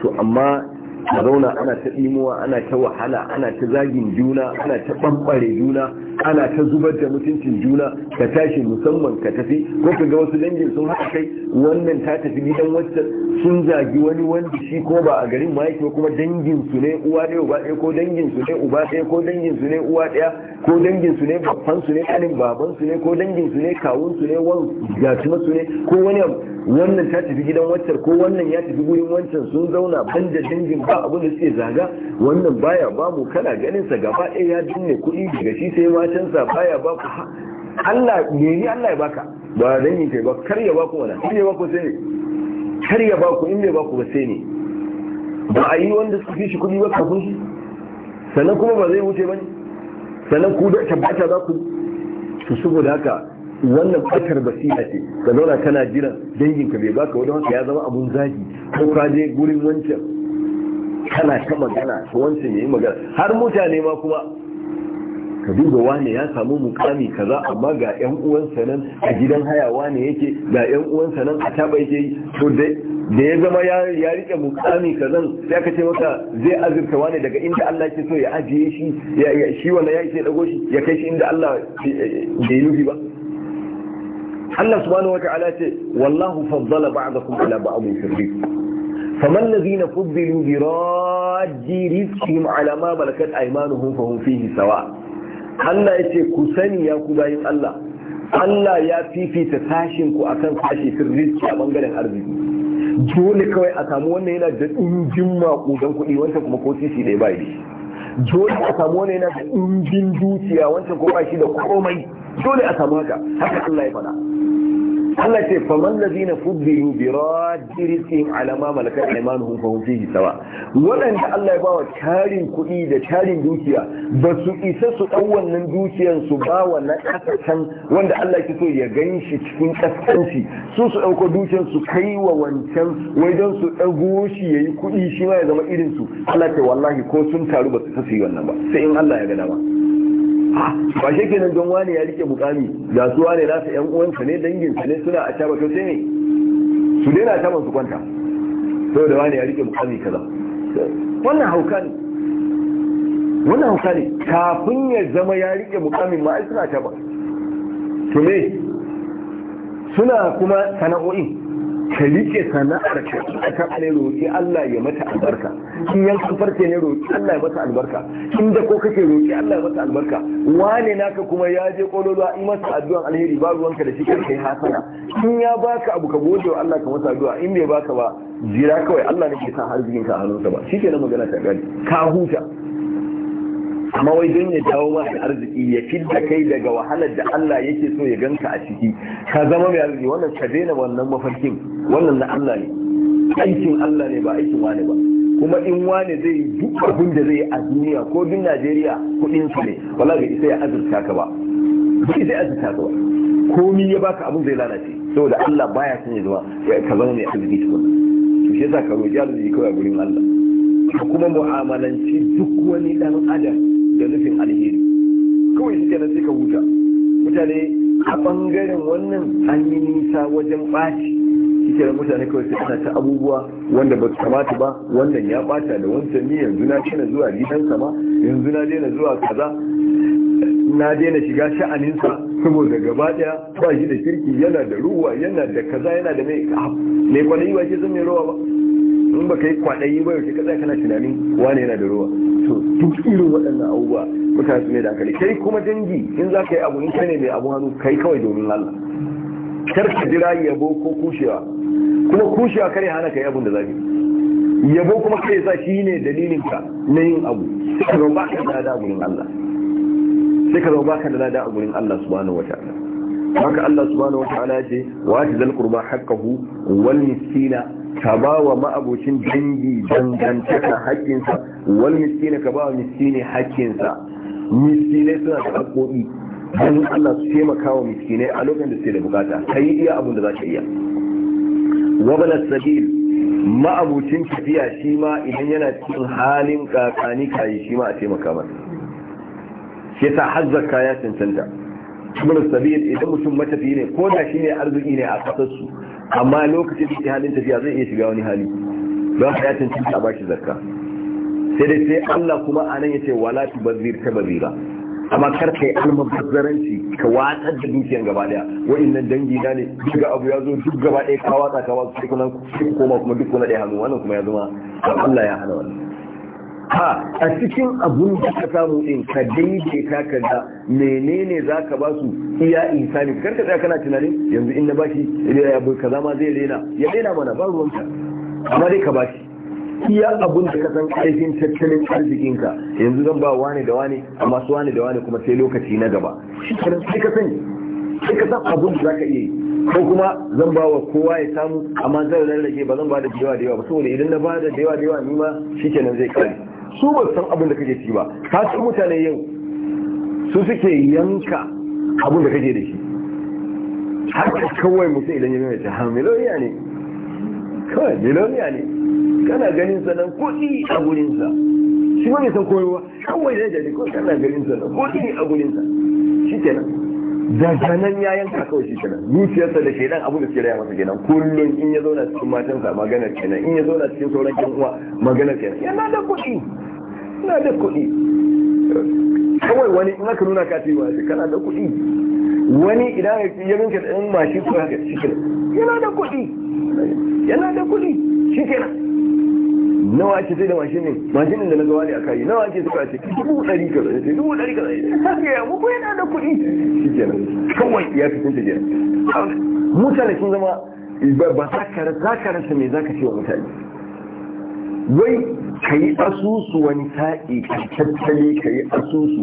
to amma a zauna ana ta ɗimuwa ana ta wahala ana ta zagin juna ana ta ɓamɓare juna ana ta zubar da mutuncin juna ka tashi musamman ka tafi ko ka ga wasu dangin sun haka kai wannan ta tafi gidan wacce sun zagi wani wanda shi ko ba a garin ma yake kuma dangin su ne uwa ɗaya uba ɗaya ko dangin su ne uba ɗaya ko dangin su ne uwa ɗaya ko dangin su ne babban su ne kanin baban su ne ko dangin su ne kawun su ne wan gatuma su ne ko wani wannan ta tafi gidan wacce ko wannan ya tafi gurin wancan sun zauna ban da dangin ba abu da suke zaga wannan baya ba mu kana ganin sa gaba ɗaya ya dinne kuɗi daga shi sai sa baya ba ku Allah ne ni Allah ya baka ba dan yin kai ba kar ya baku wala in ya baku sai ne kar ya baku in ne baku ba sai ne ba a yi wanda su fi shi kuɗi ba kafin shi sannan kuma ba zai wuce ba ne sannan ku da tabbata za ku su saboda haka wannan fatar basira ce ka zauna kana jiran danginka bai baka wani haka ya zama abun zagi ko ka je gurin wancan kana ta magana ta wancan yayi magana har mutane ma kuma ka duba wane ya samu mukami kaza amma ga yan uwansa nan a gidan haya wane yake ga yan uwansa nan a taba yake to da ya zama ya rike mukami kazan sai aka ce maka zai azurta wane daga inda Allah ke so ya ajiye shi shi wannan ya ce dago shi ya kai shi inda Allah eh, eh, bai nufi ba Allah subhanahu wataala ce wallahu faddala ba'dakum ala ba'd fi rizq faman lazina fuddilu bi raji rizqihim ala ma malakat aymanuhum fa hum fihi sawa Allah yace ku sani ya ku bayin Allah ya fifita tashin ku akan tashi sun rizki a bangaren arziki dole kawai a samu wannan yana da ɗungin maƙudan kuɗi wancan kuma ko sisi ɗaya ba shi dole a samu wannan yana da ɗungin dukiya wancan ko shi da komai dole a samu haka haka Allah ya faɗa Allah ce faman lazina fuddilu bi rajirihim ala ma malakat aymanuhum fa hum fihi sawa wadanda Allah ya ba wa tarin kuɗi da tarin dukiya ba su isa su dan wannan dukiyan su ba wannan wanda Allah ya so ya gani shi cikin kaskanci su su dauko dukiyan su kai wa wancan wai don su dago shi yayi kuɗi shi ma ya zama irin su Allah ce wallahi ko sun taru ba su isa wannan ba sai in Allah ya gada ba. ba shi kenan don wani ya rike mukami da su wane nasa yan uwansa ne danginsa ne suna a taba to sai ne su daina ta su kwanta sau da wani ya rike mukami kaza wannan hauka ne wannan hauka ne kafin ya zama ya rike mukamin ma ai suna caba to me suna kuma sana'o'in ka rike sana'ar ka a kan ne roƙi Allah ya mata albarka in yankan farce ne roƙi Allah ya mata albarka in da ko kake roƙi Allah ya mata albarka wane naka kuma ya je kololuwa in masa addu'an alheri ba ruwanka da shi kan kai hasana in ya baka abu ka gode wa Allah ka mata addu'a in bai baka ba jira kawai Allah ne ke sa harzikin ka a hannunsa ba na magana ta gani ka huta amma wai don ya dawo maka arziki ya fidda kai daga wahalar da Allah yake so ya ganka a ciki ka zama mai arziki wannan ka daina wannan mafarkin wannan na Allah ne aikin Allah ne ba aikin wani ba kuma in wani zai yi duk abin da zai yi a duniya ko duk Najeriya kudin su ne wala ga isa ya azurta ka ba ba isa ya azurta ka ba komi ya baka abin zai lalace saboda Allah baya son ya zama ka zama mai arziki tukun to shi yasa ka roki arziki kawai a gurin Allah kuma mu'amalanci duk wani dan adam da nufin alheri kawai suke nan suka huta mutane a bangaren wannan an yi nisa wajen ɓaci Suke shi mutane kawai suke ta abubuwa wanda ba su kamata ba wannan ya ɓata da wancan ni yanzu na daina zuwa gidansa ma yanzu na daina zuwa kaza na daina shiga sha'aninsa saboda gaba daya ba shi da kirki yana da ruwa yana da kaza yana da mai ah, kwanayi ba ke zan mai rawa ba in ba yi kwaɗayi ba yaushe ka tsaya kana tunanin wane yana da ruwa to duk irin waɗannan abubuwa mutane su ne da hankali kai kuma dangi in za ka yi abu in kai ne mai abu hannu kai kawai domin Allah kar ka jira yabo ko kushewa kuma kushewa kare hana ka yi abin da za ka yabo kuma kai sa shi ne dalilinka na yin abu sai ka zama baka da abu ne gurin Allah sai ka da lada a gurin Allah subhanahu wa ta'ala haka Allah subhanahu wa ta'ala ya ce wa atizal qurba haqqahu wal miskina ka ba wa ma'abocin dangi dangantaka haƙƙinsa wal miskina ka ba wa miskini haƙƙinsa miskinai suna da haƙƙoƙi don Allah su taimaka wa miskinai a lokacin da suke da bukata ka yi iya abin da za ka iya wabala sabil ma'abocin tafiya shi ma idan yana cikin halin kakani kayi shi ma a taimaka masa shi ta har ya cancanta ibn sabil idan mutum matafi ne ko da ne arziki ne a kasarsu amma lokacin da ke halin tafiya zai iya shiga wani hali don a ya a bashi zarka sai dai sai Allah kuma a nan ya ce wala ta bazira amma kar ka yi bazaranci ka watsar da dukiyan gaba daya wa'annan dangi na ne duk abu ya zo duk gaba daya ka watsa ka watsa sai kuma koma kuma duk kuma daya hannu wannan kuma ya zama Allah ya hana wannan ha a cikin abun da ka samu din ka daidaita ka ga menene za ka ba su iya insani kar ka tsaya kana tunanin yanzu in na bashi ya bai kaza ma zai lena ya lena mana ba ruwanka amma dai ka bashi iya abun da ka san aikin tattalin arzikinka yanzu zan ba wani da wani amma su wani da wani kuma sai lokaci na gaba shi kenan sai ka sani sai ka san abun da za ka iya yi ko kuma zan ba wa kowa ya samu amma zan rarrage ba zan ba da dewa da yawa ba saboda idan na ba da yawa da yawa ni ma kenan zai kare su ba san abin da kake ci ba ka san mutane yau su suke yanka abin da kake da shi haka kawai mutum idan ya mai ta ha miloniya ne kawai miloniya ne kana ganin sanan kudi a gurinsa shi ba mai san koyowa kawai da jari kawai kana ganin sanan kudi a gurinsa shi kenan daga nan ya yanka kawai shi kenan zuciyarsa da shaidan abu da shirya masa kenan kullum in ya zauna cikin matansa magana kenan in ya zauna cikin sauran yan uwa magana kenan yana da kuɗi yana da kuɗi kawai wani in aka nuna ka ce ba shi kana da kuɗi wani idan ya rinka ɗan mashi ko haka shi kenan yana da kuɗi yana da kuɗi shi kenan nawa ake sai da mashin ne mashin da na gawa ne a kayi nawa ake suka ce dubu ɗari ka zai sai dubu ɗari ka zai haka ya muku yana da kuɗi shi kenan kawai ya fi sun tafiya mutane sun zama ba za ka rasa me za ka ce wa mutane wai ka yi asusu wani sa'i ka tattale ka yi asusu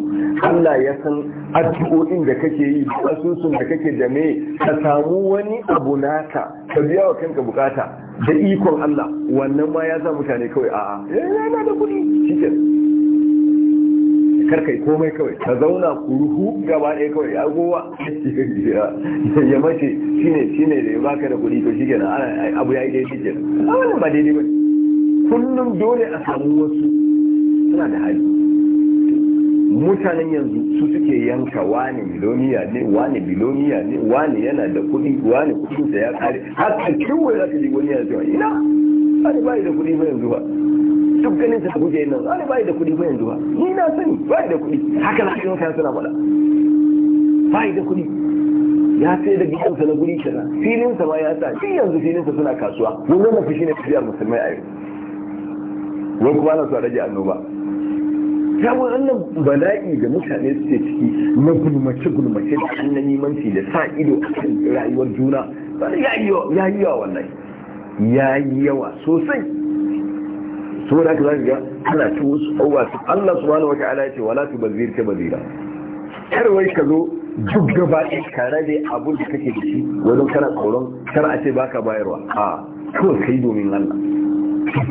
Allah ya san addu'o'in da kake yi asusun da kake da me ka samu wani abu naka ka biya wa kanka bukata da ikon Allah wannan ma ya sa mutane kawai a'a eh, yana da kuɗi shike karkai komai kawai ka zauna kuruhu gaba ɗaya kawai ya gowa <laughs> ya mace shine shine da ya baka da kudi to shikenan abu ya yi daidai kenan a wannan ba daidai ba kullum dole a samu wasu suna da hali mutanen yanzu su suke yanka wani milomiya ne wani biloniya ne wani yana da kuɗi wani kuɗin da ya kare haka kiwo ya ka wani ya cewa ina wani bai da kuɗi ba yanzu ba duk ganin sa kuke nan wani bai da kuɗi ba yanzu ba ni na sani bai da kuɗi haka za ka yanka suna faɗa bai da kuɗi ya sai da gidansa na guri kaza filinsa ma ya sa shi yanzu filinsa suna kasuwa mun wannan fushi ne tafiyar musulmai a yau wai kuma na so rage annoba ta wannan bala'i da mutane suke ciki na gulmace gulmace da annan da sa ido a kan rayuwar juna ya yi yawa wannan ya yi yawa sosai Su wani aka zaga ana ci wasu tsawa su Allah subhanahu wata'ala ya ce wala tu bazir bazira kar wai ka zo duk gaba ɗaya kare da abun da kake da shi wajen kana tsoron kar a ce baka bayarwa a kawai kai domin Allah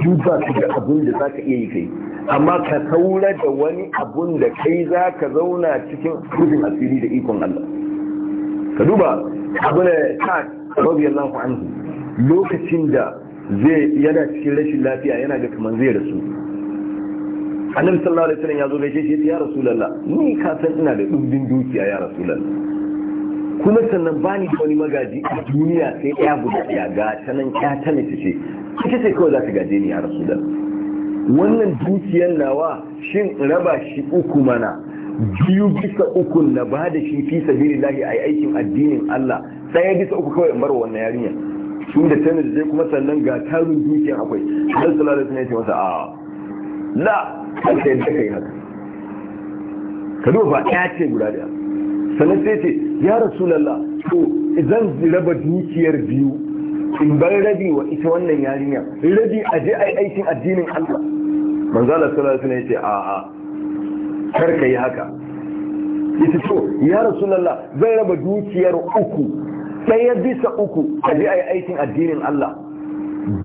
duba su da abin da za ka iya yi kai amma ka taura da wani abun da kai za ka zauna cikin rufin asiri da ikon Allah ka duba abu da ta radiyallahu lokacin da zai yana cikin rashin lafiya yana ga kamar zai rasu annan sallallahu alaihi wasallam ya zo gaishe shi ya rasulullah ni ka san ina da dubbin dukiya ya rasulullah kuma sannan bani da wani magaji a duniya sai ya guda ya ga ta nan ya ta ce ita ce kawai za ta gaje ni a rasulallah wannan dukiyar nawa shin raba shi uku mana biyu bisa uku na ba da shi fi lahi a aikin addinin Allah ɗaya bisa uku kawai in bar wannan yarinya tun da tana da kuma sannan ga tarin dukiyar akwai har sallallahu alaihi wasallam ya masa a la kan sai da kai haka ka duba ɗaya ce guda da sannan sai ce ya lalla to zan raba dukiyar biyu in bar rabi wa ita wannan yarinya rabi a je ai aikin addinin Allah manzo Allah sallallahu alaihi wasallam yace a a kar kai yi haka yace to ya rasulullah zai raba dukiyar uku daya bisa uku a je ai aikin addinin Allah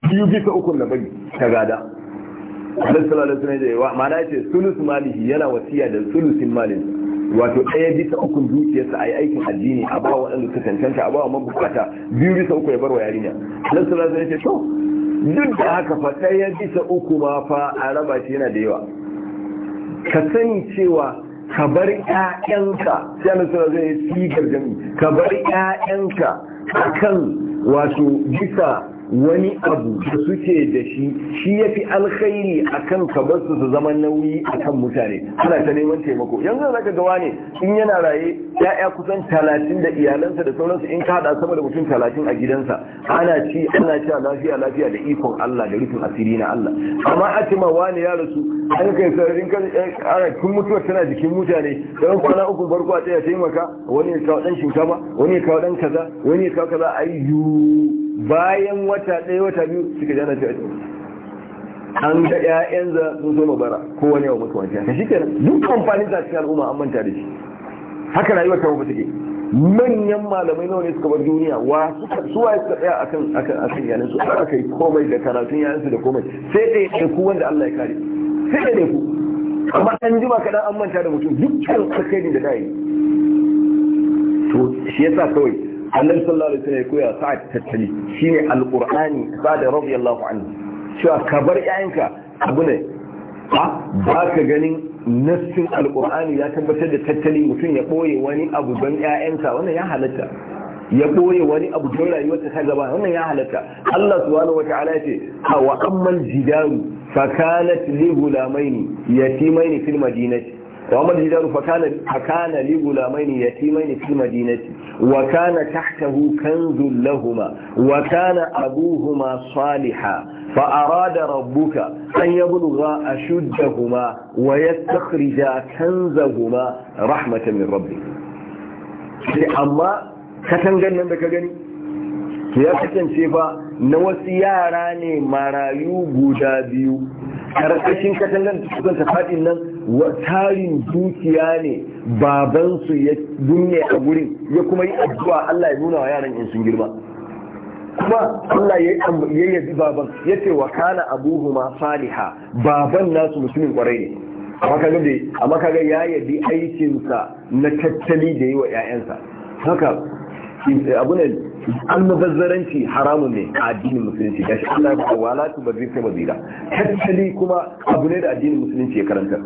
biyu bisa uku na bari ta gada Allah sallallahu alaihi wasallam yace ma'ana yace sulus malihi yana wasiya da sulusin malihi wato ɗaya bisa ukun zuciyarsa a yi aikin addini a bawa waɗanda su cancanta a bawa mabukata biyu bisa uku ya bar wa yarinya nan su lazari ce to duk da haka fa ɗaya bisa uku ma fa a raba shi yana da yawa ka sani cewa ka bar ƴaƴanka sai su lazari ya sigar jami ka bar ƴaƴanka akan wato bisa wani abu da suke da shi shi ya fi alkhairi a kan su su zama nauyi a kan mutane ana ta neman taimako yanzu za ka gawa ne in yana raye ya'ya kusan talatin da iyalansa da sauransu in ka haɗa sama da mutum talatin a gidansa ana ci ana ci lafiya lafiya da ikon Allah da rufin asiri na Allah amma a ce ma wani ya rasu an kai sararin kan eh, ana kun mutuwa tana jikin mutane don kwana uku farko a tsaya taimaka wani ya kawo dan shinkafa wani ya kawo dan kaza wani ya kawo kaza ayu bayan wata ɗaya wata biyu suka jana fi an ga ƴaƴan za sun so mabara ko wani yawa mutuwa ta shi ke duk amfanin su cikin al'umma an manta da shi haka rayuwar ta wata ke manyan malamai nawa ne suka bar duniya wa su waye suka tsaya akan akan akan yanin su aka kai komai da karatun yanin su da komai sai ɗaya ɗaya ku wanda Allah ya kare sai ɗaya ɗaya ku amma an jima kaɗan an manta da mutum dukkan alkhairi da da yi to shi yasa kawai annabi sallallahu alaihi wasallam ya koya sa'ad tattali shine alqur'ani sa'ad radiyallahu anhu cewa ka bar 'ya'yanka, abu ne ha ba ka ganin nassin alqur'ani ya tabbatar da tattali mutum ya boye wani abu don ƴaƴansa wannan ya halatta ya boye wani abu don rayuwarsa ta gaba wannan ya halatta Allah subhanahu wata'ala ce wa ammal jidaru fa kanat li gulamaini yatimaini fil madinati وأما الجدار فكان, فكان لغلامين يتيمين في المدينة وكان تحته كنز لهما وكان أبوهما صالحا فأراد ربك أن يبلغا أشدهما ويستخرجا كنزهما رحمة من ربك أما katangan nan da ka gani ya kasance fa na wasu yara ne marayu guda biyu karkashin katangan da suka tafaɗin nan tarin dukiya ne babansu ya dunne a gurin ya kuma yi addu'a Allah ya nuna wa yaran in sun girma kuma Allah ya yi yabi baban ya ce wa kana ma saliha baban nasu musulmin kwarai ne amma kaga dai amma kaga ya aikin aikinsa na tattali da yi wa 'ya'yansa haka abu ne almubazzaranci haramun ne a addinin musulunci gashi Allah ya ba wala tu bazir ta bazira tattali kuma abu ne da addinin musulunci ya karanta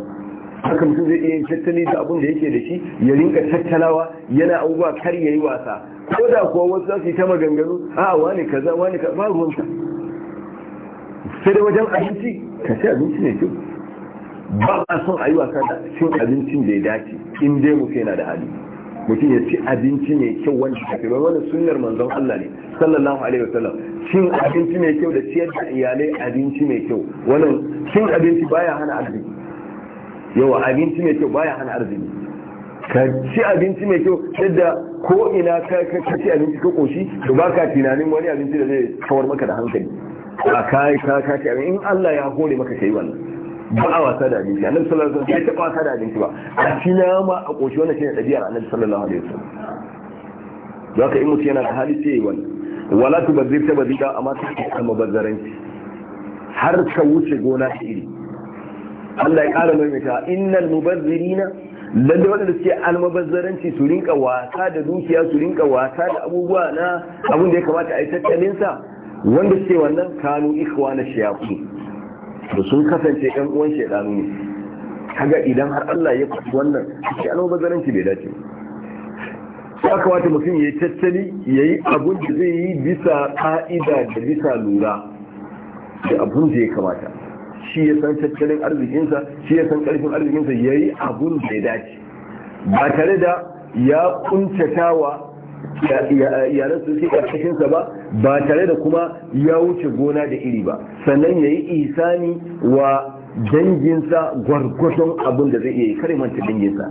haka mutum zai iya tattali da abin da yake da shi ya rinka tattalawa yana abubuwa kar ya yi wasa ko da kuwa wasu za su yi ta maganganu a wani kaza wani kaza ba ruwanka sai da wajen abinci ka ci abinci ne kyau ba a son a yi wasa da cin abincin da ya dace in dai mutum yana da hali mutum ya ci abinci mai kyau wanda tafi ba wani sunnar manzon Allah ne sallallahu alaihi wasallam cin abinci mai kyau da ciyar da iyalai abinci mai kyau wannan cin abinci baya hana arziki yawa abinci mai kyau baya hana arziki ka ci abinci mai kyau yadda ko ina ka ci abinci ka koshi to ba ka tunanin wani abinci da zai kawar maka da hankali a kai ka ka ci in Allah ya hore maka kai wannan ba a wasa da abinci annabi sallallahu alaihi wasallam ya taɓa wasa da abinci ba a ci nama a koshi wannan shine ɗabi'ar annabi sallallahu alaihi wasallam zaka in mutum yana da hali sai wannan wala tubazzir tabazira amma ta kama bazzaranci har ka wuce gona iri Allah ya ƙara maimaita innal mubazzirina lalle wanda suke almubazzaranci su rinka wasa da dukiya su rinka wasa da abubuwa na abin da ya kamata a yi tattalin sa wanda suke wannan kanu na shayaku da sun kasance ɗan uwan shaydanu ne kaga idan har Allah ya kusa wannan shi almubazzaranci bai dace ba. ya kamata mutum ya yi tattali ya yi abin da zai yi bisa ƙa'ida da bisa lura da abin da ya kamata shi ya san tattalin arzikinsa shi ya san karfin arzikinsa ya yi abun da ya dace ba tare da ya wa yaren su ke ƙarƙashinsa ba ba tare da kuma ya wuce gona da iri ba sannan ya yi isani wa danginsa gwargwadon abin da zai iya yi kare manta danginsa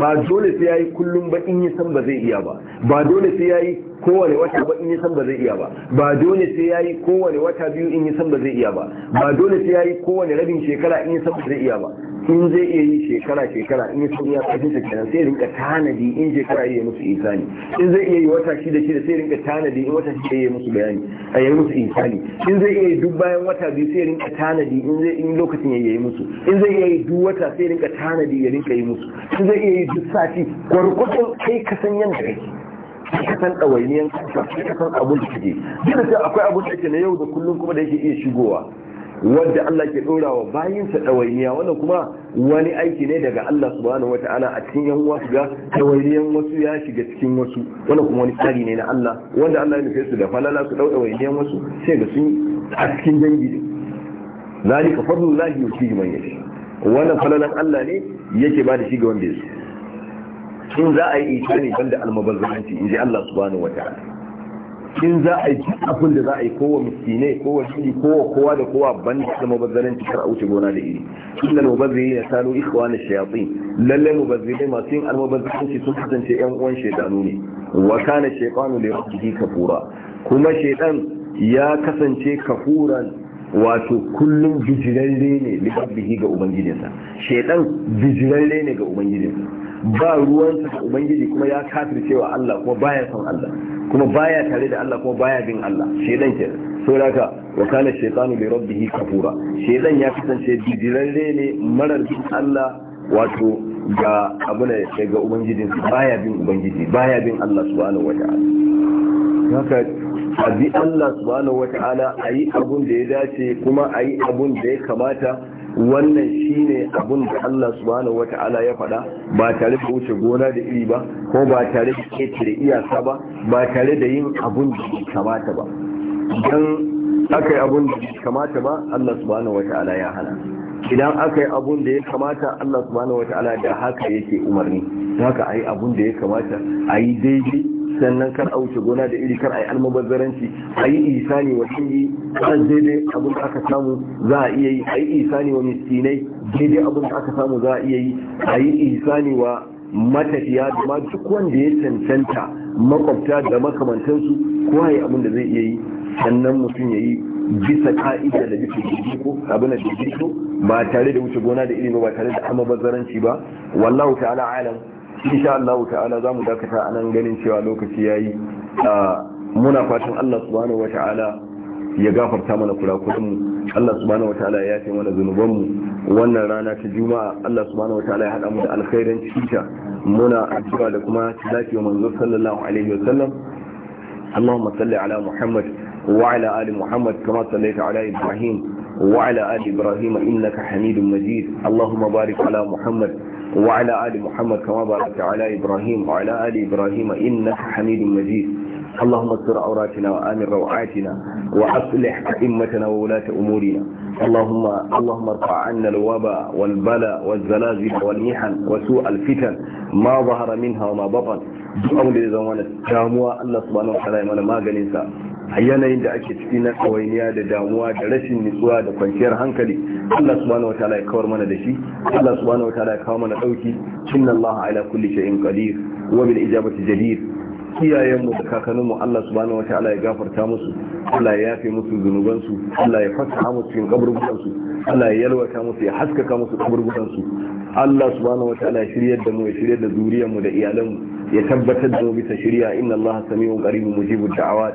ba dole sai ya yi kullum ba in yi san ba zai iya ba ba dole sai ya yi kowane wata ba in yi san ba zai iya ba ba dole sai ya yi kowane wata biyu in yi san ba zai iya ba ba dole sai ya yi kowane rabin shekara in yi san ba zai iya ba in zai iya yi shekara shekara in ya sun ya kafin ta kenan sai rinka tanadi in shekara ya musu isani in zai iya yi wata shida shida sai rinka tanadi in wata shida ya musu bayani a yi musu isani in zai iya yi duk bayan wata biyu sai rinka tanadi in zai in lokacin ya yi musu in zai iya yi duk wata sai rinka tanadi ya rinka yi musu in zai iya yi duk sati gwargwadon kai kasan yanda kake ka san ɗawainiyan kanka ka san abun da kake duk da akwai abun da yake na yau da kullum kuma da yake iya shigowa wadda Allah ke dora wa bayinsa ɗawainiya wannan kuma wani aiki ne daga Allah subhanahu wata'ala a cikin yan uwa su ga ɗawainiyan wasu ya shiga cikin wasu wannan kuma wani tsari ne na Allah wanda Allah ya nufe su da falala su ɗau ɗawainiyan wasu sai ga sun a cikin dangi ne zalika fadlullahi yuti man yashi wannan falalan Allah ne yake ba da shi ga wanda ya so in za a yi ita banda almubazzaranci in ji Allah subhanahu wata'ala in za a yi abin da za a yi kowa miskinai kowa shiri kowa kowa da kowa ban da mubazzaranci kar a wuce gona da iri inna mubazziri ya sanu ikhwana shayatin lalle mubazziri masu yin shi sun kasance yan uwan shaydanu ne wa kana shaytanu li rabbihi kafura kuma shaydan ya kasance kafuran wato kullum bijiralle ne li rabbihi ga ubangijinsa shaydan bijiralle ne ga ubangijinsa ba ruwansa ga ubangiji kuma ya kafircewa Allah kuma baya son Allah kuma baya tare da Allah kuma baya bin Allah shedan ke saboda wa kana shaytanu bi rabbih kafura shedan ya kasance bidirarre ne marar bin Allah wato ga abuna ga ubangijin baya bin ubangiji baya bin Allah subhanahu wataala haka abi Allah subhanahu wataala ayi abun da ya dace kuma ayi abun da ya kamata wannan shine abun da Allah subhanahu wata'ala ya faɗa ba tare da wuce gona da iri ba ko ba tare da ketare iyasa ba ba tare da yin abun da bai kamata ba idan aka yi abun da bai kamata ba Allah subhanahu wata'ala ya hana idan aka yi abun da ya kamata Allah subhanahu wata'ala da haka yake umarni haka ayi abun da ya kamata ayi daidai sannan kar a wuce gona da iri kar a yi almubazzaranci a yi ne wa shingi kan daidai abin da aka samu za a iya yi a yi ne wa miskinai daidai abin da aka samu za a iya yi a yi ne wa matafiya da ma duk wanda ya cancanta makwabta da makamantansu ko ya yi abin da zai iya yi sannan mutum ya yi bisa ka'ida da bisa jirgiko abin da jirgiko ba tare da wuce gona da iri ba ba tare da almubazzaranci ba wallahu ta'ala alam insha Allah ta'ala zamu dakata anan ganin cewa lokaci yayi muna fatan Allah subhanahu wata'ala ya gafarta mana mu Allah subhanahu wataala ya yafe mana zunuban mu wannan rana ta juma'a Allah subhanahu wataala ya hada mu da alkhairin cikinta muna addu'a da kuma tilaki wa manzo sallallahu alaihi wa sallam Allahumma salli ala Muhammad wa ala ali Muhammad kama sallaita ala Ibrahim wa ala ali Ibrahim innaka Hamidum Majid Allahumma barik ala Muhammad وعلى آل محمد كما باركت على إبراهيم وعلى آل إبراهيم إنك حميد مجيد اللهم استر عوراتنا وآمن روعاتنا وأصلح أئمتنا وولاة أمورنا اللهم اللهم ارفع عنا الوباء والبلاء والزلازل والمحن وسوء الفتن ما ظهر منها وما بطن duk abin da ya zama wani damuwa Allah subhanahu wa ta'ala ya mana maganin sa a yanayin da ake ciki na kawainiya da damuwa da rashin nutsuwa da kwanciyar hankali Allah subhanahu wataala ya kawar mana da shi Allah subhanahu wataala ya kawo mana dauki inna Allah ala kulli shay'in qadir wa bil ijabati jadir kiyayenmu da kakanninmu Allah subhanahu wataala ya gafarta musu Allah ya yafe musu zunubansu Allah ya fasaha musu cikin kaburburansu Allah ya yalwata musu ya haskaka musu kaburburansu Allah subhanahu wataala ya shiryar da mu ya shiryar da zuriyarmu da iyalanmu ya tabbatar da mu bisa shiriya inna Allah samiu qaribun mujibud da'awat